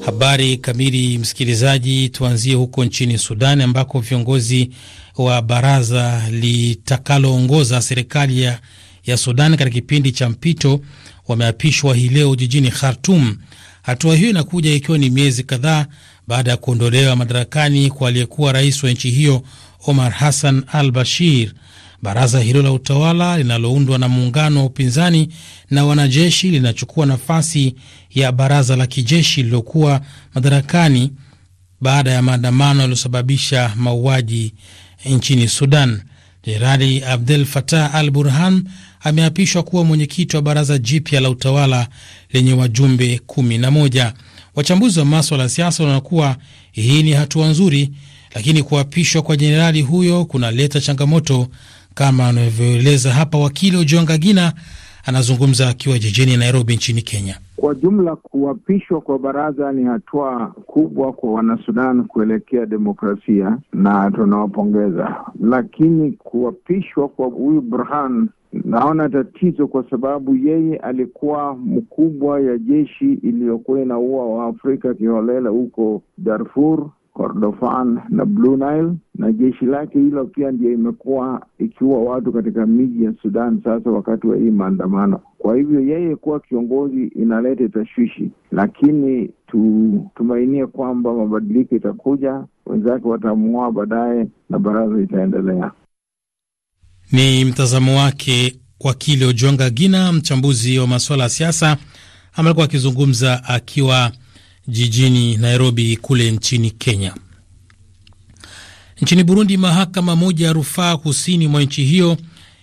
Habari kamili, msikilizaji, tuanzie huko nchini Sudan ambako viongozi wa baraza litakaloongoza serikali ya, ya Sudan katika kipindi cha mpito wameapishwa hii leo jijini Khartum. Hatua hiyo inakuja ikiwa ni miezi kadhaa baada ya kuondolewa madarakani kwa aliyekuwa rais wa nchi hiyo Omar Hassan al Bashir. Baraza hilo la utawala linaloundwa na muungano wa upinzani na wanajeshi linachukua nafasi ya baraza la kijeshi lililokuwa madarakani baada ya maandamano yaliyosababisha mauaji nchini Sudan. Jenerali Abdel Fattah al Burhan ameapishwa kuwa mwenyekiti wa baraza jipya la utawala lenye wajumbe 11. Wachambuzi wa maswala ya siasa wanaona kuwa hii ni hatua nzuri, lakini kuapishwa kwa jenerali huyo kunaleta changamoto kama anavyoeleza hapa wakili gina anazungumza akiwa jijini Nairobi nchini Kenya. Kwa jumla, kuapishwa kwa baraza ni hatua kubwa kwa Wanasudan kuelekea demokrasia na tunawapongeza, lakini kuapishwa kwa huyu Burhan naona tatizo kwa sababu yeye alikuwa mkubwa ya jeshi iliyokuwa inaua Waafrika kiholela huko Darfur Kordofan na Blue Nile, na jeshi lake hilo pia ndio imekuwa ikiua watu katika miji ya Sudan sasa wakati wa hii maandamano. Kwa hivyo yeye kuwa kiongozi inaleta tashwishi, lakini tutumainie kwamba mabadiliko itakuja, wenzake watamng'oa baadaye na baraza itaendelea. Ni mtazamo wake wakili Ojwanga Gina, mchambuzi wa masuala ya siasa, amekuwa akizungumza akiwa jijini Nairobi kule nchini Kenya. Nchini Burundi, mahakama moja ya rufaa kusini mwa nchi hiyo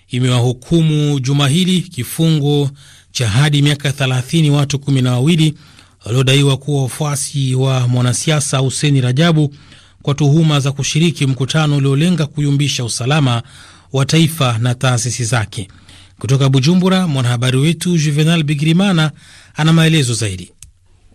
imewahukumu juma hili kifungo cha hadi miaka 30 watu kumi na wawili waliodaiwa kuwa wafuasi wa mwanasiasa Huseni Rajabu kwa tuhuma za kushiriki mkutano uliolenga kuyumbisha usalama wa taifa na taasisi zake. Kutoka Bujumbura, mwanahabari wetu Juvenal Bigirimana ana maelezo zaidi.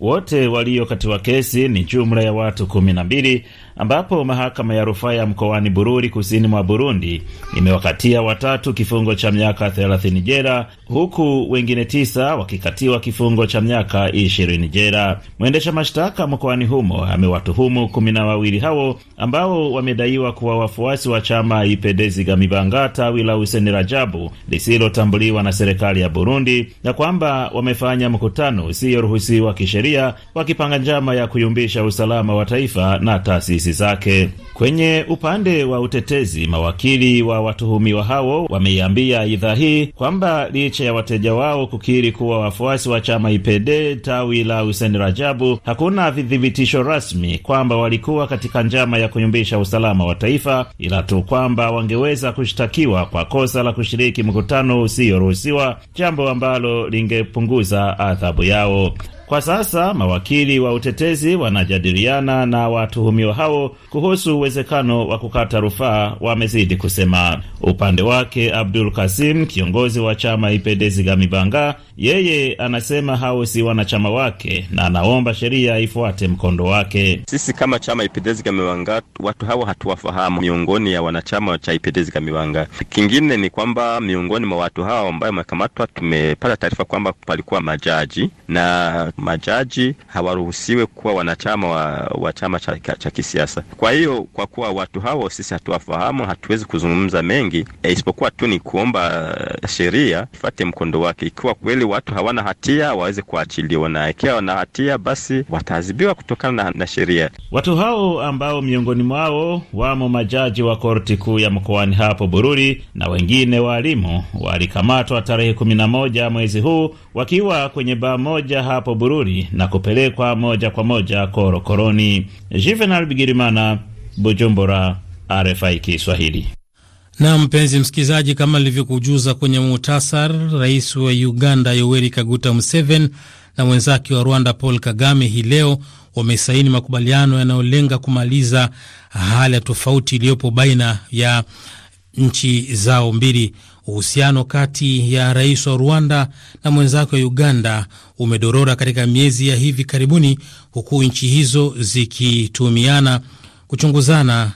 Wote walio wa kesi ni jumla ya watu kumi na mbili ambapo mahakama ya rufaa ya mkoani Bururi kusini mwa Burundi imewakatia watatu kifungo cha miaka thelathini jela huku wengine tisa wakikatiwa kifungo cha miaka ishirini jela. Mwendesha mashtaka mkoani humo amewatuhumu kumi na wawili hao ambao wamedaiwa kuwa wafuasi wa chama Ipedezi Gamibanga tawi la useni Rajabu lisilotambuliwa na serikali ya Burundi na kwamba wamefanya mkutano usiyoruhusiwa kisheria raia wakipanga njama ya kuyumbisha usalama wa taifa na taasisi zake. Kwenye upande wa utetezi, mawakili wa watuhumiwa hao wameiambia idhaa hii kwamba licha ya wateja wao kukiri kuwa wafuasi wa chama IPD tawi la huseni Rajabu, hakuna vithibitisho rasmi kwamba walikuwa katika njama ya kuyumbisha usalama wa taifa, ila tu kwamba wangeweza kushtakiwa kwa kosa la kushiriki mkutano usiyoruhusiwa, jambo ambalo lingepunguza adhabu yao. Kwa sasa mawakili wa utetezi wanajadiliana na watuhumiwa hao kuhusu uwezekano wa kukata rufaa, wamezidi kusema. Upande wake, Abdul Kasim, kiongozi wa chama Ipedezi Gamibanga, yeye anasema hao si wanachama wake na anaomba sheria ifuate mkondo wake. Sisi kama chama Ipedezi Gamibanga, watu hawa hatuwafahamu miongoni ya wanachama cha Ipedezi Gamibanga. Kingine ni kwamba miongoni mwa watu hawa ambayo wamekamatwa, tumepata taarifa kwamba palikuwa majaji na majaji hawaruhusiwe kuwa wanachama wa, wa chama cha, cha kisiasa. Kwa hiyo kwa kuwa watu hao sisi hatuwafahamu, hatuwezi kuzungumza mengi e, isipokuwa tu ni kuomba eh, sheria ifate mkondo wake. Ikiwa kweli watu hawana hatia waweze kuachiliwa, na ikiwa wana hatia basi wataadhibiwa kutokana na, na sheria. Watu hao ambao miongoni mwao wamo majaji wa korti kuu ya mkoani hapo Bururi na wengine waalimu walikamatwa tarehe kumi na moja mwezi huu wakiwa kwenye baa moja hapo Bururi na kupelekwa moja kwa moja korokoroni. Juvenal Bigirimana, Bujumbura, RFI Kiswahili. Na mpenzi msikilizaji, kama nilivyokujuza kwenye muhtasar, rais wa Uganda Yoweri Kaguta Museveni na mwenzake wa Rwanda Paul Kagame hii leo wamesaini makubaliano yanayolenga kumaliza hali ya tofauti iliyopo baina ya nchi zao mbili. Uhusiano kati ya rais wa Rwanda na mwenzake wa Uganda umedorora katika miezi ya hivi karibuni, huku nchi hizo zikitumiana kuchunguzana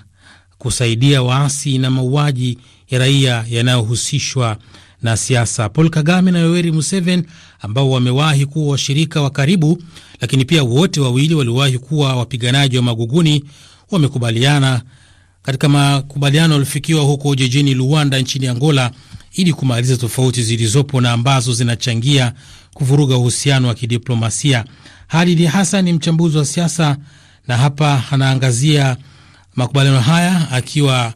kusaidia waasi na mauaji ya raia yanayohusishwa na siasa. Paul Kagame na Yoweri Museveni ambao wamewahi kuwa washirika wa karibu, lakini pia wote wawili waliwahi kuwa wapiganaji wa maguguni, wamekubaliana katika makubaliano yaliofikiwa huko jijini Luanda nchini Angola ili kumaliza tofauti zilizopo na ambazo zinachangia kuvuruga uhusiano wa kidiplomasia. Halidi Hassan ni mchambuzi wa siasa na hapa anaangazia makubaliano haya akiwa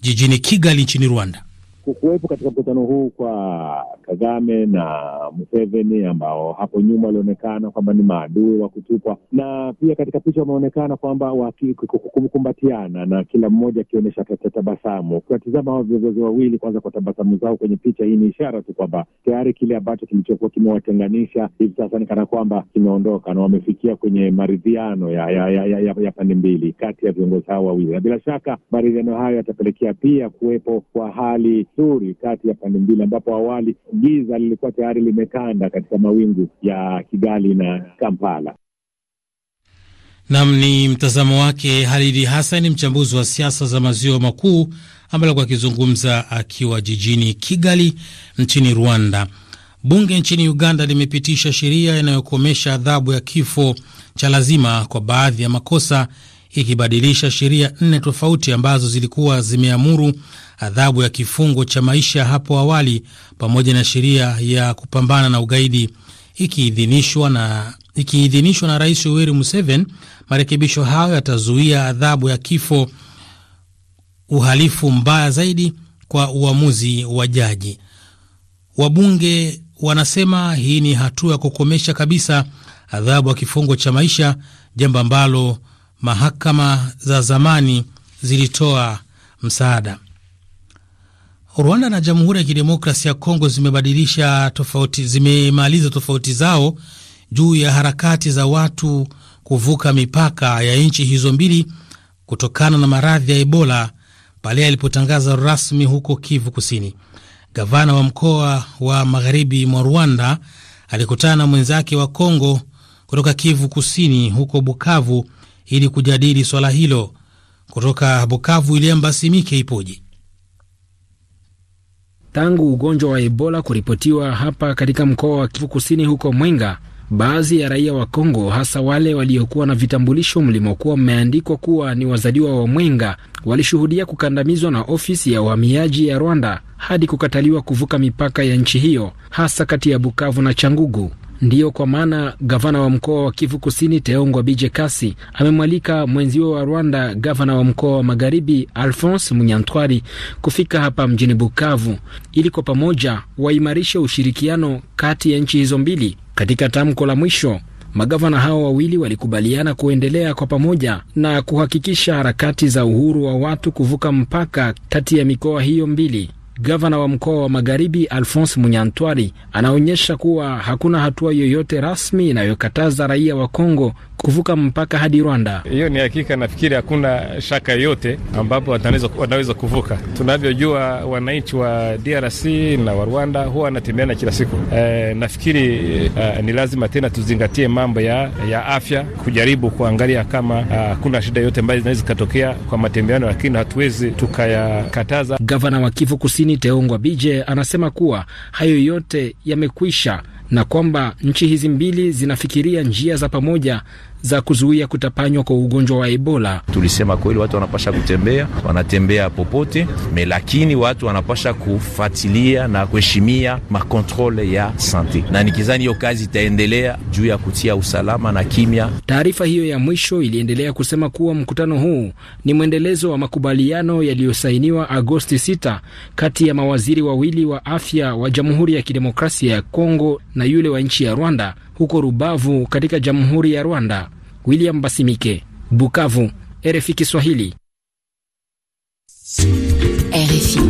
jijini Kigali nchini Rwanda. Kukuwepo katika mkutano huu kwa Kagame na Museveni ambao hapo nyuma walionekana kwamba ni maadui wa kutupwa, na pia katika picha wameonekana kwamba wakikumbatiana na kila mmoja akionyesha tabasamu. Ukiwatizama hao viongozi wawili kwanza kwa tabasamu zao kwenye picha hii, ni ishara tu kwamba tayari kile ambacho kilichokuwa kimewatenganisha hivi sasa ni kana kwamba kimeondoka na wamefikia kwenye maridhiano ya, ya, ya, ya, ya, ya pande mbili kati ya viongozi hao wawili, na bila shaka maridhiano hayo yatapelekea pia kuwepo kwa hali nzuri kati ya pande mbili, ambapo awali giza lilikuwa tayari limetanda katika mawingu ya Kigali na Kampala. Nam ni mtazamo wake Halidi hasani mchambuzi wa siasa za maziwa makuu, ambaye alikuwa akizungumza akiwa jijini Kigali nchini Rwanda. Bunge nchini Uganda limepitisha sheria inayokomesha adhabu ya kifo cha lazima kwa baadhi ya makosa, ikibadilisha sheria nne tofauti ambazo zilikuwa zimeamuru adhabu ya kifungo cha maisha hapo awali pamoja na sheria ya kupambana na ugaidi ikiidhinishwa na, ikiidhinishwa na Rais Yoweri Museveni. Marekebisho hayo yatazuia adhabu ya kifo uhalifu mbaya zaidi kwa uamuzi wa jaji. Wabunge wanasema hii ni hatua ya kukomesha kabisa adhabu ya kifungo cha maisha, jambo ambalo mahakama za zamani zilitoa msaada. Rwanda na Jamhuri ya kidemokrasi ya Kongo zimebadilisha tofauti, zimemaliza tofauti zao juu ya harakati za watu kuvuka mipaka ya nchi hizo mbili kutokana na maradhi ya Ebola pale alipotangaza rasmi huko Kivu Kusini. Gavana wa mkoa wa magharibi mwa Rwanda alikutana na mwenzake wa Kongo kutoka Kivu Kusini huko Bukavu ili kujadili swala hilo. Kutoka Bukavu, iliambasimike ipoji ipoje? Tangu ugonjwa wa Ebola kuripotiwa hapa katika mkoa wa Kivu Kusini huko Mwenga, baadhi ya raia wa Kongo hasa wale waliokuwa na vitambulisho mlimokuwa mmeandikwa kuwa ni wazaliwa wa Mwenga walishuhudia kukandamizwa na ofisi ya uhamiaji ya Rwanda hadi kukataliwa kuvuka mipaka ya nchi hiyo hasa kati ya Bukavu na Changugu. Ndiyo kwa maana gavana wa mkoa wa Kivu Kusini Teongwa Bije Kasi amemwalika mwenziwe wa Rwanda, gavana wa mkoa wa Magharibi Alphonse Munyantwari kufika hapa mjini Bukavu ili kwa pamoja waimarishe ushirikiano kati ya nchi hizo mbili. Katika tamko la mwisho, magavana hao wawili walikubaliana kuendelea kwa pamoja na kuhakikisha harakati za uhuru wa watu kuvuka mpaka kati ya mikoa hiyo mbili. Gavana wa mkoa wa Magharibi Alphonse Munyantwari anaonyesha kuwa hakuna hatua yoyote rasmi inayokataza raia wa Kongo kuvuka mpaka hadi Rwanda. Hiyo ni hakika, nafikiri hakuna shaka yoyote ambapo wanaweza, wanaweza kuvuka. Tunavyojua wananchi wa DRC na wa Rwanda huwa wanatembeana kila siku. E, nafikiri e, ni lazima tena tuzingatie mambo ya, ya afya, kujaribu kuangalia kama ah, hakuna shida yoyote ambayo zinaweza zikatokea kwa matembeano, lakini hatuwezi tukayakataza. Gavana wa Kivu Kusini Teongwa Bije anasema kuwa hayo yote yamekwisha na kwamba nchi hizi mbili zinafikiria njia za pamoja za kuzuia kutapanywa kwa ugonjwa wa Ebola. Tulisema kweli watu wanapasha kutembea, wanatembea popote me, lakini watu wanapasha kufatilia na kuheshimia makontrole ya sante, na nikizani hiyo kazi itaendelea juu ya kutia usalama na kimya. Taarifa hiyo ya mwisho iliendelea kusema kuwa mkutano huu ni mwendelezo wa makubaliano yaliyosainiwa Agosti 6 kati ya mawaziri wawili wa afya wa Jamhuri ya Kidemokrasia ya Kongo na yule wa nchi ya Rwanda huko Rubavu katika Jamhuri ya Rwanda. William Basimike, Bukavu, RFI Kiswahili. RFI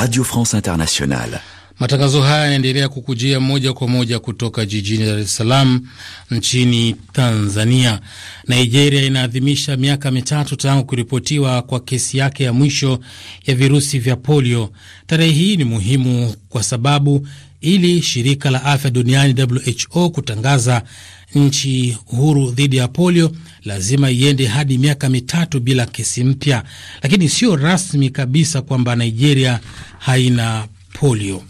Radio France Internationale. Matangazo haya yanaendelea kukujia moja kwa moja kutoka jijini Dar es Salaam nchini Tanzania. Nigeria inaadhimisha miaka mitatu tangu kuripotiwa kwa kesi yake ya mwisho ya virusi vya polio. Tarehe hii ni muhimu kwa sababu ili shirika la afya duniani WHO kutangaza nchi huru dhidi ya polio lazima iende hadi miaka mitatu bila kesi mpya, lakini sio rasmi kabisa kwamba Nigeria haina polio.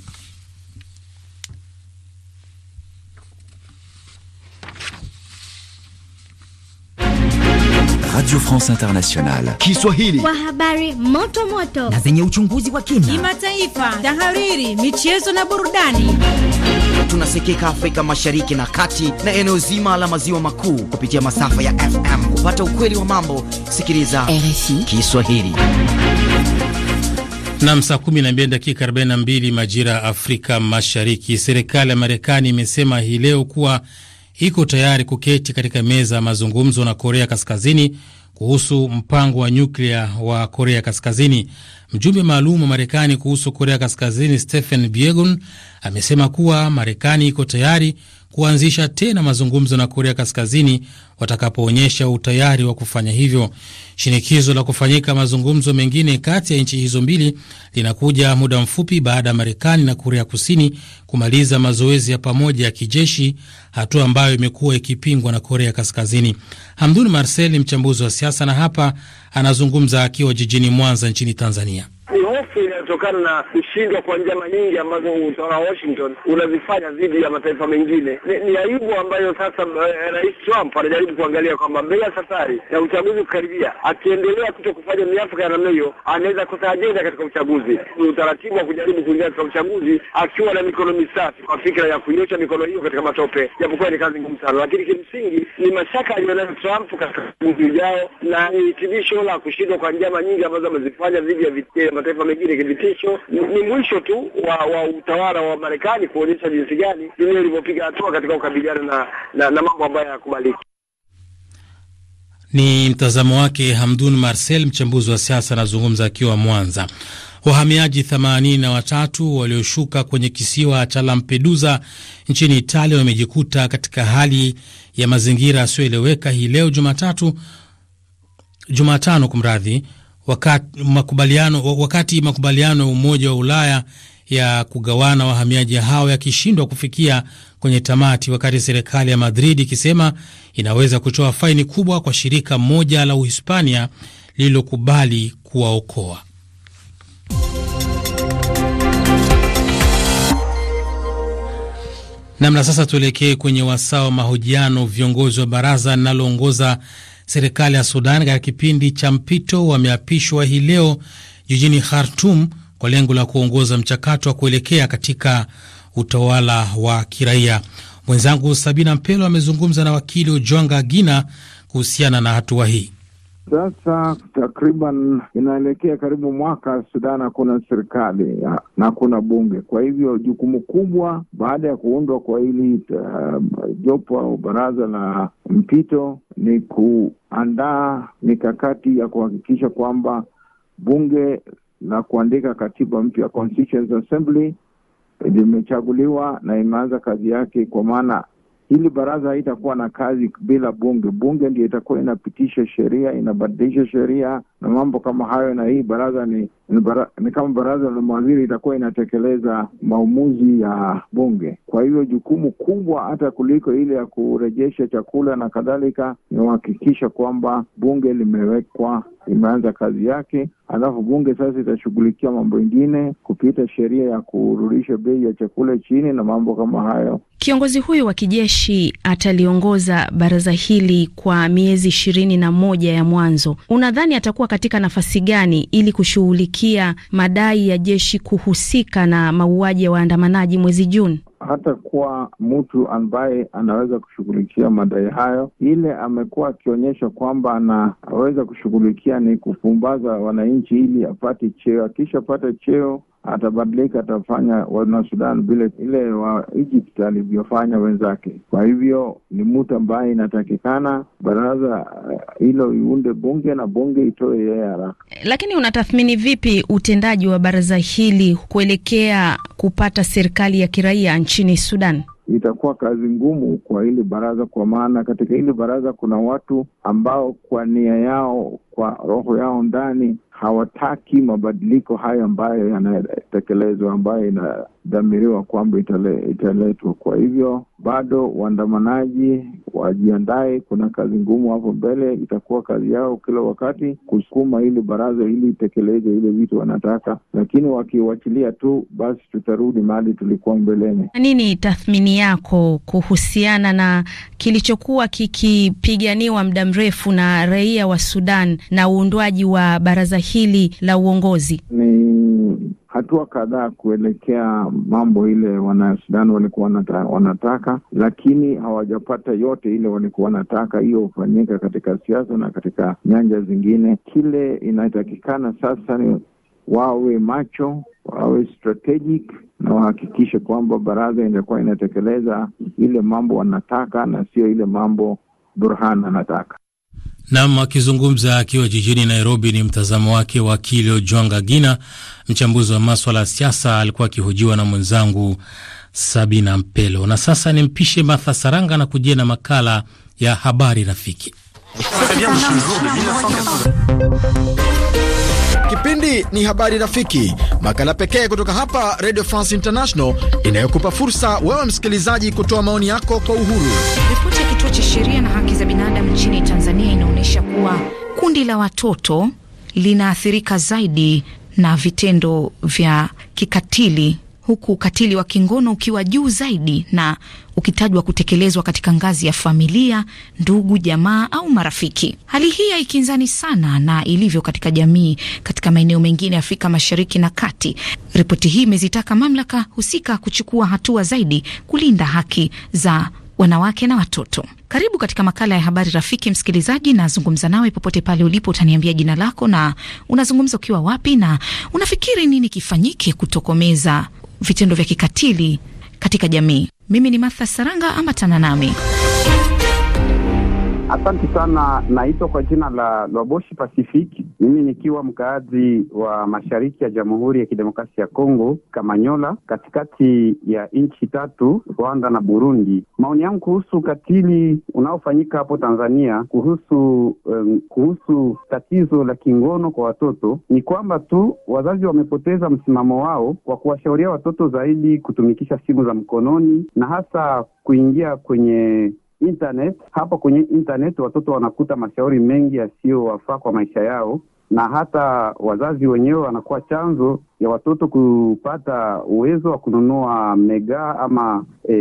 Radio France Internationale. Kiswahili. Kwa habari moto moto na zenye uchunguzi wa kina, kimataifa, tahariri, michezo na burudani. Tunasikika Afrika Mashariki na Kati na eneo zima la maziwa makuu kupitia masafa ya FM. Kupata ukweli wa mambo, sikiliza RFI Kiswahili. Nam, saa 12 dakika 42 majira ya Afrika Mashariki. Serikali ya Marekani imesema hii leo kuwa iko tayari kuketi katika meza ya mazungumzo na Korea Kaskazini kuhusu mpango wa nyuklia wa Korea Kaskazini. Mjumbe maalum wa Marekani kuhusu Korea Kaskazini Stephen Biegun amesema kuwa Marekani iko tayari kuanzisha tena mazungumzo na Korea Kaskazini watakapoonyesha utayari wa kufanya hivyo. Shinikizo la kufanyika mazungumzo mengine kati ya nchi hizo mbili linakuja muda mfupi baada ya Marekani na Korea Kusini kumaliza mazoezi ya pamoja ya kijeshi, hatua ambayo imekuwa ikipingwa na Korea Kaskazini. Hamdun Marcel ni mchambuzi wa siasa na hapa anazungumza akiwa jijini Mwanza nchini Tanzania kutokana na kushindwa kwa njama nyingi ambazo utawala wa Washington unazifanya dhidi ya mataifa mengine. Ni, ni aibu ambayo sasa eh, Rais Trump anajaribu kuangalia kwamba mbele ya safari ya uchaguzi kukaribia, akiendelea kuto kufanya miafaka ya namna hiyo, anaweza kosa ajenda katika uchaguzi. Ni utaratibu wa kujaribu kuingia katika uchaguzi akiwa na mikono misafi, kwa fikra ya kuiosha mikono hiyo katika matope, japokuwa ni kazi ngumu sana, lakini kimsingi ni mashaka aliyonayo Trump katika uchaguzi ujao, na ni hitimisho la kushindwa kwa njama nyingi ambazo amezifanya dhidi ya mataifa mengine kivitisho kesho. Ni, ni mwisho tu wa, wa utawala wa Marekani kuonyesha jinsi gani dunia ilivyopiga hatua katika kukabiliana na, na, na mambo ambayo hayakubaliki. Ni mtazamo wake Hamdun Marcel, mchambuzi wa siasa, anazungumza akiwa Mwanza. Wahamiaji 83 walioshuka kwenye kisiwa cha Lampedusa nchini Italia wamejikuta katika hali ya mazingira yasiyoeleweka hii leo Jumatatu, Jumatano kumradhi, wakati makubaliano, wakati makubaliano ya Umoja wa Ulaya ya kugawana wahamiaji hao yakishindwa kufikia kwenye tamati, wakati serikali ya Madrid ikisema inaweza kutoa faini kubwa kwa shirika moja la Uhispania lililokubali kuwaokoa. Namna sasa, tuelekee kwenye wasaa wa mahojiano. Viongozi wa baraza linaloongoza Serikali ya Sudan katika kipindi cha mpito wameapishwa hii leo jijini Khartum kwa lengo la kuongoza mchakato wa kuelekea katika utawala wa kiraia. Mwenzangu Sabina Mpelo amezungumza na wakili ujwanga Gina kuhusiana na hatua hii. Sasa takriban inaelekea karibu mwaka, Sudan hakuna serikali na hakuna bunge. Kwa hivyo jukumu kubwa baada ya kuundwa kwa hili uh, jopo au baraza la mpito ni kuandaa mikakati ya kuhakikisha kwamba bunge la kuandika katiba mpya Constituent Assembly limechaguliwa na imeanza kazi yake, kwa maana Hili baraza haitakuwa na kazi bila bunge. Bunge ndio itakuwa inapitisha sheria, inabadilisha sheria na mambo kama hayo, na hii baraza ni ni kama baraza la mawaziri itakuwa inatekeleza maamuzi ya bunge. Kwa hivyo jukumu kubwa hata kuliko ile ya kurejesha chakula na kadhalika ni kuhakikisha kwamba bunge limewekwa, imeanza kazi yake, alafu bunge sasa itashughulikia mambo ingine, kupita sheria ya kurudisha bei ya chakula chini na mambo kama hayo. Kiongozi huyu wa kijeshi ataliongoza baraza hili kwa miezi ishirini na moja ya mwanzo. Unadhani atakuwa katika nafasi gani ili kushughulika kushughulikia madai ya jeshi kuhusika na mauaji ya waandamanaji mwezi Juni? hata kuwa mtu ambaye anaweza kushughulikia madai hayo. Ile amekuwa akionyesha kwamba anaweza kushughulikia ni kupumbaza wananchi ili apate cheo. Akishapata cheo atabadilika, atafanya wana Sudan vile ile wa Egypt alivyofanya wenzake. Kwa hivyo ni mtu ambaye inatakikana baraza uh, hilo uh, iunde bunge na bunge itoe yeye haraka. Lakini unatathmini vipi utendaji wa baraza hili kuelekea kupata serikali ya kiraia nchi nchini Sudan? Itakuwa kazi ngumu kwa hili baraza, kwa maana katika hili baraza kuna watu ambao kwa nia yao, kwa roho yao ndani hawataki mabadiliko haya ambayo yanatekelezwa, ambayo inadhamiriwa kwamba italetwa. Kwa hivyo bado waandamanaji wajiandae, kuna kazi ngumu hapo mbele. Itakuwa kazi yao kila wakati kusukuma ili baraza ili itekeleze ile vitu wanataka, lakini wakiwachilia tu, basi tutarudi mahali tulikuwa mbeleni. Nini tathmini yako kuhusiana na kilichokuwa kikipiganiwa muda mrefu na raia wa Sudan na uundwaji wa baraza hii? hili la uongozi? Ni hatua kadhaa kuelekea mambo ile wanasudani walikuwa wanata, wanataka lakini hawajapata yote ile walikuwa wanataka. Hiyo hufanyika katika siasa na katika nyanja zingine. Kile inatakikana sasa ni wawe macho, wawe strategic na wahakikishe kwamba baraza inakuwa inatekeleza ile mambo wanataka na sio ile mambo Burhan anataka. Nam akizungumza akiwa jijini Nairobi. Ni mtazamo wake wakili Ojwanga Gina, mchambuzi wa maswala ya siasa, alikuwa akihojiwa na mwenzangu Sabina Mpelo. Na sasa ni mpishe Martha Saranga na kujia na makala ya habari rafiki Kipindi ni Habari Rafiki, makala pekee kutoka hapa Radio France International inayokupa fursa wewe msikilizaji kutoa maoni yako kwa uhuru. Ripoti ya Kituo cha Sheria na Haki za Binadamu nchini Tanzania inaonyesha kuwa kundi la watoto linaathirika zaidi na vitendo vya kikatili huku ukatili wa kingono ukiwa juu zaidi na ukitajwa kutekelezwa katika ngazi ya familia, ndugu, jamaa au marafiki. Hali hii haikinzani sana na ilivyo katika jamii katika maeneo mengine Afrika Mashariki na Kati. Ripoti hii imezitaka mamlaka husika kuchukua hatua zaidi kulinda haki za wanawake na watoto. Karibu katika makala ya habari rafiki, msikilizaji. Nazungumza nawe popote pale ulipo, utaniambia jina lako na unazungumza ukiwa wapi, na unafikiri nini kifanyike kutokomeza vitendo vya kikatili katika jamii. Mimi ni Martha Saranga, ambatana nami. Asante sana, naitwa kwa jina la Lwaboshi Pasifiki, mimi nikiwa mkaazi wa mashariki ya Jamhuri ya Kidemokrasia ya Kongo, Kamanyola, katikati ya nchi tatu, Rwanda na Burundi. Maoni yangu kuhusu ukatili unaofanyika hapo Tanzania kuhusu um, kuhusu tatizo la kingono kwa watoto ni kwamba tu wazazi wamepoteza msimamo wao kwa kuwashauria watoto zaidi kutumikisha simu za mkononi na hasa kuingia kwenye internet. Hapo kwenye internet watoto wanakuta mashauri mengi yasiyowafaa kwa maisha yao, na hata wazazi wenyewe wanakuwa chanzo ya watoto kupata uwezo wa kununua mega ama e,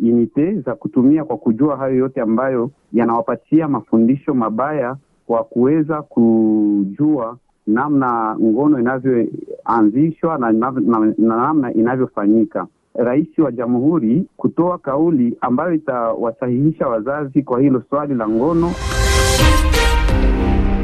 inite za kutumia kwa kujua hayo yote ambayo yanawapatia mafundisho mabaya kwa kuweza kujua namna ngono inavyoanzishwa na, na, na namna inavyofanyika rais wa jamhuri kutoa kauli ambayo itawasahihisha wazazi kwa hilo swali la ngono.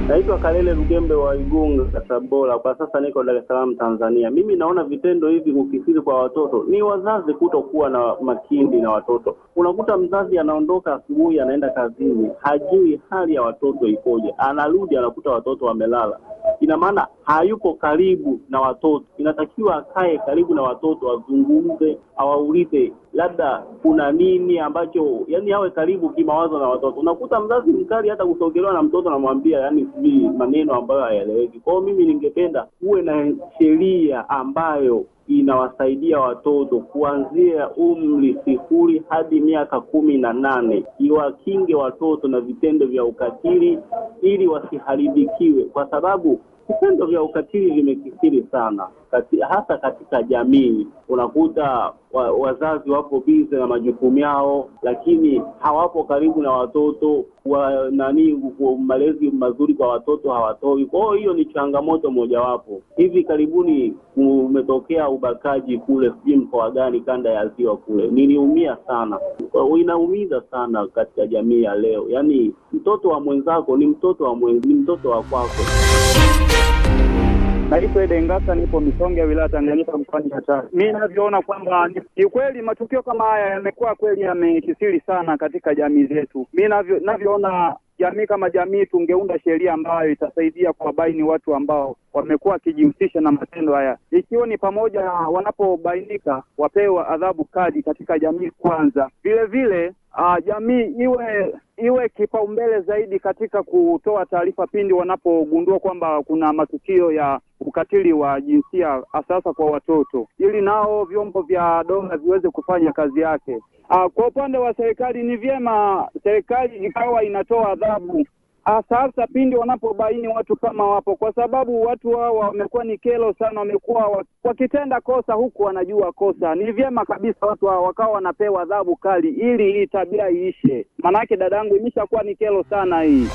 Naitwa Kalele Lugembe wa Igunga, Tabora. Kwa sasa niko Dar es Salaam, Tanzania. Mimi naona vitendo hivi ukifiri kwa watoto ni wazazi kutokuwa na makindi na watoto. Unakuta mzazi anaondoka asubuhi, anaenda kazini, hajui hali ya watoto ikoje, anarudi anakuta watoto wamelala. Ina maana hayupo karibu na watoto. Inatakiwa akae karibu na watoto, azungumze, awaulize labda kuna nini ambacho, yani awe karibu kimawazo na watoto. Unakuta mzazi mkali, hata kusogelewa na mtoto anamwambia yani ni maneno ambayo hayaeleweki. Kwa hiyo mimi ningependa kuwe na sheria ambayo inawasaidia watoto kuanzia umri sifuri hadi miaka kumi na nane iwakinge watoto na vitendo vya ukatili ili wasiharibikiwe, kwa sababu vitendo vya ukatili vimekithiri sana kati, hasa katika jamii unakuta wa, wazazi wapo bize na majukumu yao, lakini hawapo karibu na watoto kuwa nani kuwa malezi mazuri kwa watoto hawatoi. Kwa hiyo ni changamoto mojawapo. Hivi karibuni umetokea ubakaji kule, sijui mkoa gani, kanda ya Ziwa kule, niliumia sana. Inaumiza sana katika jamii ya leo, yaani mtoto wa mwenzako ni mtoto wa mwenzi, ni mtoto wa kwako. Naitwa Eden Ngasa, nipo Misonge ya wilaya Tanganyika mkoani Katavi. Mimi ninavyoona kwamba kiukweli matukio kama haya yamekuwa kweli yamekisiri sana katika jamii zetu. Mimi navyoona jamii kama jamii tungeunda sheria ambayo itasaidia kuwabaini watu ambao wamekuwa wakijihusisha na matendo haya, ikiwa ni pamoja na wanapobainika wapewa adhabu kali katika jamii kwanza. Vile vile uh, jamii iwe iwe kipaumbele zaidi katika kutoa taarifa pindi wanapogundua kwamba kuna matukio ya ukatili wa jinsia hasa kwa watoto, ili nao vyombo vya dola viweze kufanya kazi yake. Uh, kwa upande wa serikali ni vyema serikali ikawa inatoa adhabu hasa ah, pindi wanapobaini watu kama wapo, kwa sababu watu hao wamekuwa ni kelo sana, wamekuwa wakitenda kosa huku wanajua kosa. Ni vyema kabisa watu hao wakawa wanapewa adhabu kali, ili hii tabia iishe, maanake dadangu imeshakuwa ni kelo sana hii.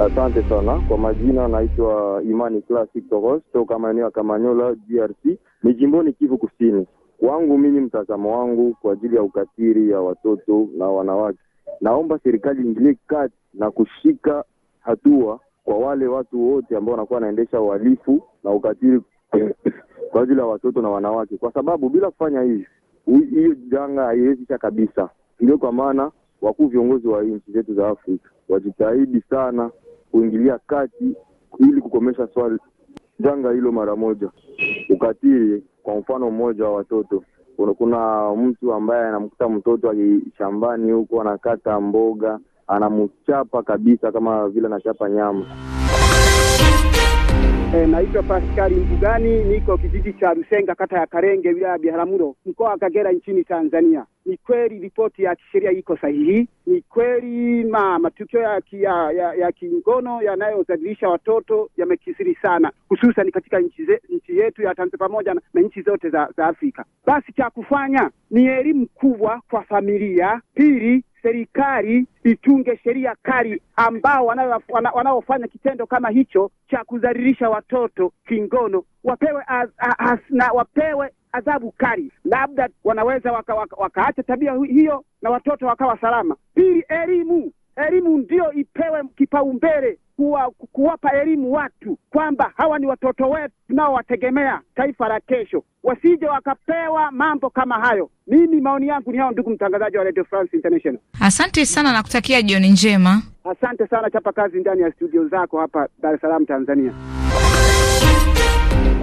Asante sana kwa majina, naitwa Imani Classic Toros toka maeneo ya Kamanyola, DRC, ni jimboni Kivu Kusini. Kwangu mimi, mtazamo wangu kwa ajili ya ukatili ya watoto na wanawake Naomba serikali ingilie kati na kushika hatua kwa wale watu wote ambao wanakuwa wanaendesha uhalifu na ukatili kwa ajili ya watoto na wanawake, kwa sababu bila kufanya hivi hiyo janga haiwezisha kabisa. Ndio kwa maana wakuu viongozi wa nchi zetu za Afrika wajitahidi sana kuingilia kati ili kukomesha swali janga hilo mara moja, ukatili kwa mfano mmoja wa watoto kuna mtu ambaye anamkuta mtoto akishambani huko anakata mboga, anamchapa kabisa kama vile anachapa nyama. E, naitwa Paskari Mbugani, niko kijiji cha Rusenga, kata ya Karenge, wilaya ya Biharamulo, mkoa wa Kagera, nchini Tanzania. Ni kweli ripoti ya kisheria iko sahihi. Ni kweli ma matukio ya, ya, ya, ya kingono yanayozadilisha watoto yamekisiri sana, hususan katika nchi, ze, nchi yetu ya Tanzania pamoja na, na nchi zote za, za Afrika. Basi cha kufanya ni elimu kubwa kwa familia, pili serikali itunge sheria kali ambao wanaofanya kitendo kama hicho cha kudhalilisha watoto kingono wapewe az, az, na wapewe adhabu kali, labda wanaweza wakaacha waka, waka tabia hiyo na watoto wakawa salama. Pili, elimu elimu ndiyo ipewe kipaumbele kuwa kuwapa elimu watu kwamba hawa ni watoto wetu tunaowategemea taifa la kesho, wasije wakapewa mambo kama hayo. Mimi maoni yangu ni hao, ndugu mtangazaji wa Radio France International. Asante sana na kutakia jioni njema. Asante sana, chapa kazi ndani ya studio zako hapa Dar es Salaam, Tanzania.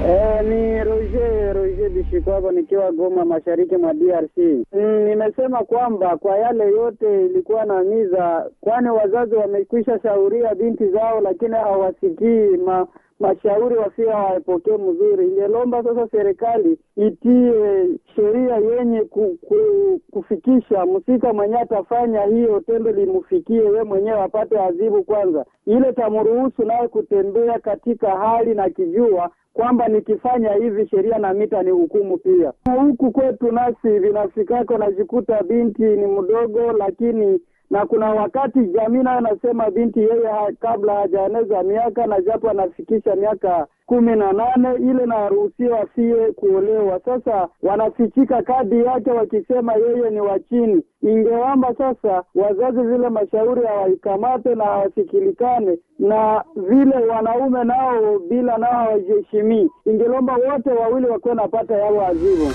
E, ni Roger Roger Bishikwavo nikiwa Goma, mashariki mwa DRC. Mm, nimesema kwamba kwa yale yote ilikuwa na miza, kwani wazazi wamekwisha shauria binti zao, lakini hawasikii ma mashauri wafia wapokee mzuri. Ingelomba sasa serikali itie sheria yenye ku, ku, kufikisha msika mwenye atafanya hiyo tendo limfikie we mwenyewe apate adhibu kwanza, ile tamruhusu naye kutembea katika hali na kijua kwamba nikifanya hivi sheria na mita ni hukumu pia. Huku kwetu nasi vinafikako, najikuta binti ni mdogo lakini na kuna wakati jamii nayo anasema binti yeye ha, kabla hajaeneza miaka na japo anafikisha miaka kumi na nane ile naruhusiwa sie kuolewa. Sasa wanafichika kadi yake wakisema yeye ni wa chini. Ingewamba sasa wazazi zile mashauri hawaikamate na hawasikilikane, na vile wanaume nao bila nao hawajiheshimii. Ingelomba wote wawili wakuwe napata yao ajibu.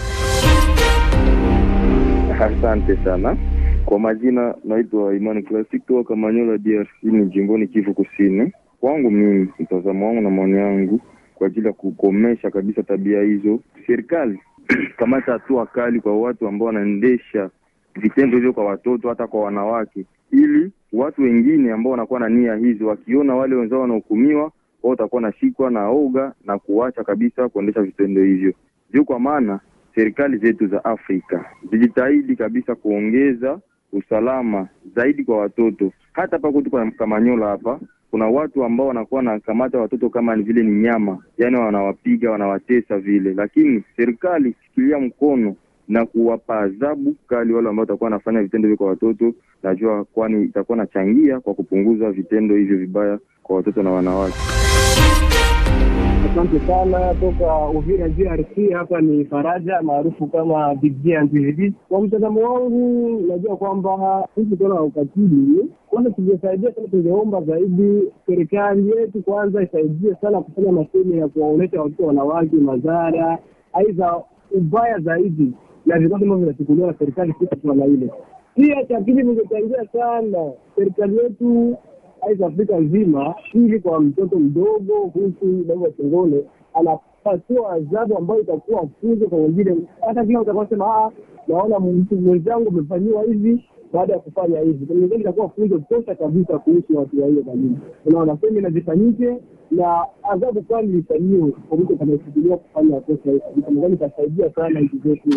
Asante sana. Kwa majina naitwa Imani Classic toka Manyola, DRC, ni jimboni Kivu Kusini. Kwangu mimi, mtazamo wangu na maoni yangu kwa ajili ya kukomesha kabisa tabia hizo, serikali kamata hatua kali kwa watu ambao wanaendesha vitendo hivyo kwa watoto, hata kwa wanawake, ili watu wengine ambao wanakuwa na nia hizo wakiona wale wenzao wanahukumiwa, wao watakuwa nashikwa na oga na kuacha kabisa kuendesha vitendo hivyo. Ndio kwa maana serikali zetu za Afrika zijitahidi kabisa kuongeza usalama zaidi kwa watoto. Hata hapa kwetu Kamanyola hapa kuna watu ambao wanakuwa wanakamata watoto kama vile ni nyama, yaani wanawapiga wanawatesa vile, lakini serikali ikishikilia mkono na kuwapa adhabu kali wale ambao watakuwa wanafanya vitendo hivyo kwa watoto, najua kwani itakuwa nachangia kwa kupunguza vitendo hivyo vibaya kwa watoto na wanawake. Asante sana toka Uvira DRC. Hapa ni Faraja maarufu kama BigG. Kwa mtazamo wangu, najua kwamba sisi tuona ukatili kwanza, tungesaidia sana, tungeomba zaidi serikali yetu kwanza isaidie sana kufanya masemi ya kuwaonyesha watoto wanawake madhara, aidha ubaya zaidi na vikwazo ambavyo vinachukuliwa na serikali. Kila suala ile pia cha pili, ningechangia sana serikali yetu aiza Afrika nzima, ili kwa mtoto mdogo huku damu ya chongole anapatiwa adhabu ambayo itakuwa funzo kwa wengine. Hata kila utakuwa ah, naona mtu mwenzangu amefanyiwa hivi baada ya kufanya hivi kwenye itakuwa funzo tosha kabisa kuhusu watu wa hiyo jamii. Unaona, semina na adhabu kali ifanyiwe kwa mtu kufanya kosa hilo kabisa, itasaidia sana nchi zetu.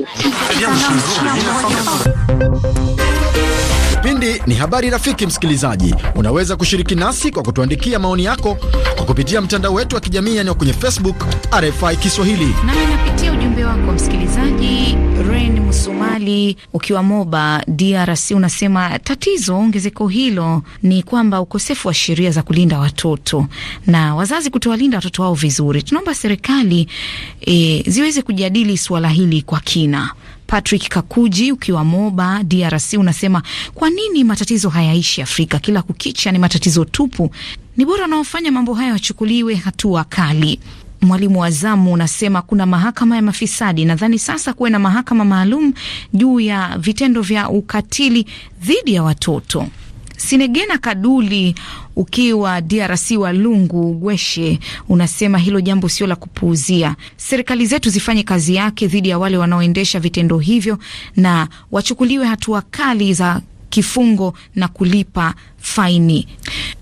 Kipindi ni habari rafiki. Msikilizaji, unaweza kushiriki nasi kwa kutuandikia maoni yako kwa kupitia mtandao wetu wa kijamii, yani kwenye Facebook RFI Kiswahili. Nami napitia ujumbe wako msikilizaji Irene Musumali ukiwa Moba, DRC, unasema tatizo ongezeko hilo ni kwamba ukosefu wa sheria za kulinda watoto na wazazi kutowalinda watoto wao vizuri. Tunaomba serikali e, ziweze kujadili suala hili kwa kina. Patrick Kakuji ukiwa Moba DRC unasema kwa nini matatizo hayaishi Afrika? Kila kukicha ni matatizo tupu. Ni bora wanaofanya mambo haya wachukuliwe hatua kali mwalimu wa zamu unasema kuna mahakama ya mafisadi. Nadhani sasa kuwe na mahakama maalum juu ya vitendo vya ukatili dhidi ya watoto. Sinegena Kaduli ukiwa DRC wa lungu Gweshe unasema hilo jambo sio la kupuuzia. Serikali zetu zifanye kazi yake dhidi ya wale wanaoendesha vitendo hivyo na wachukuliwe hatua kali za kifungo na kulipa faini.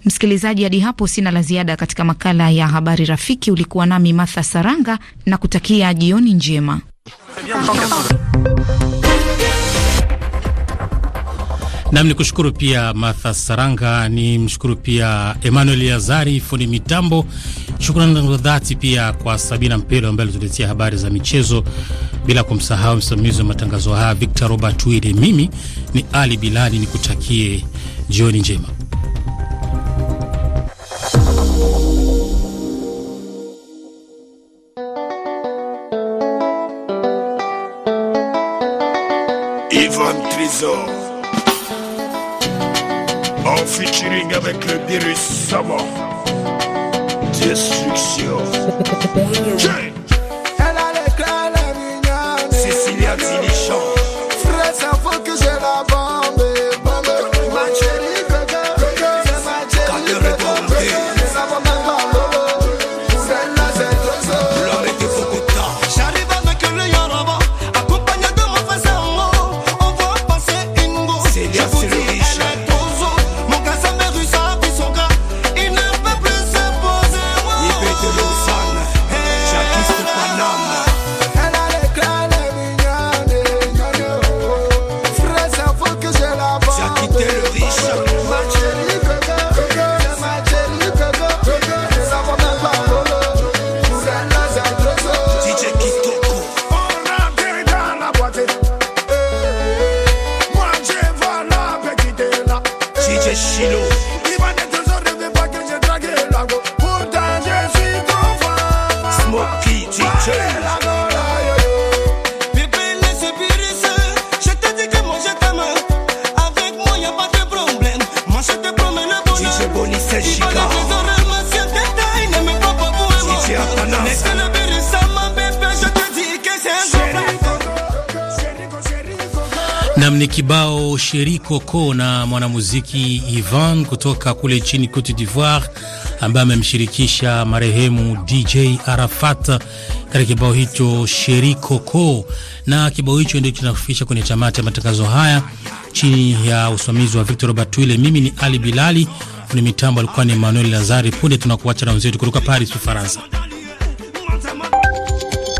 Msikilizaji, hadi hapo sina la ziada katika makala ya habari rafiki. Ulikuwa nami Martha Saranga na kutakia jioni njema. Nam ni kushukuru pia Martha Saranga, ni mshukuru pia Emmanuel Yazari fundi mitambo. Shukrani za dhati pia kwa Sabina Mpelo ambaye alituletea habari za michezo, bila kumsahau msimamizi wa matangazo haya Victor Robert Wile. Mimi ni Ali Bilali, nikutakie jioni njema. Ivan Trizor en featuring avec le virus mort Destruction. Elle a La les Cécilia kibao Sheri coco na mwanamuziki Ivan kutoka kule nchini Cote d'Ivoire, ambaye amemshirikisha marehemu DJ Arafat katika kibao hicho Sheri coco Na kibao hicho ndio kinafikisha kwenye tamati ya matangazo haya chini ya usimamizi wa Victor batwile Mimi ni Ali Bilali, ni mitambo alikuwa ni Emmanuel Lazari. Punde tunakuacha na wenzetu kutoka Paris, Ufaransa.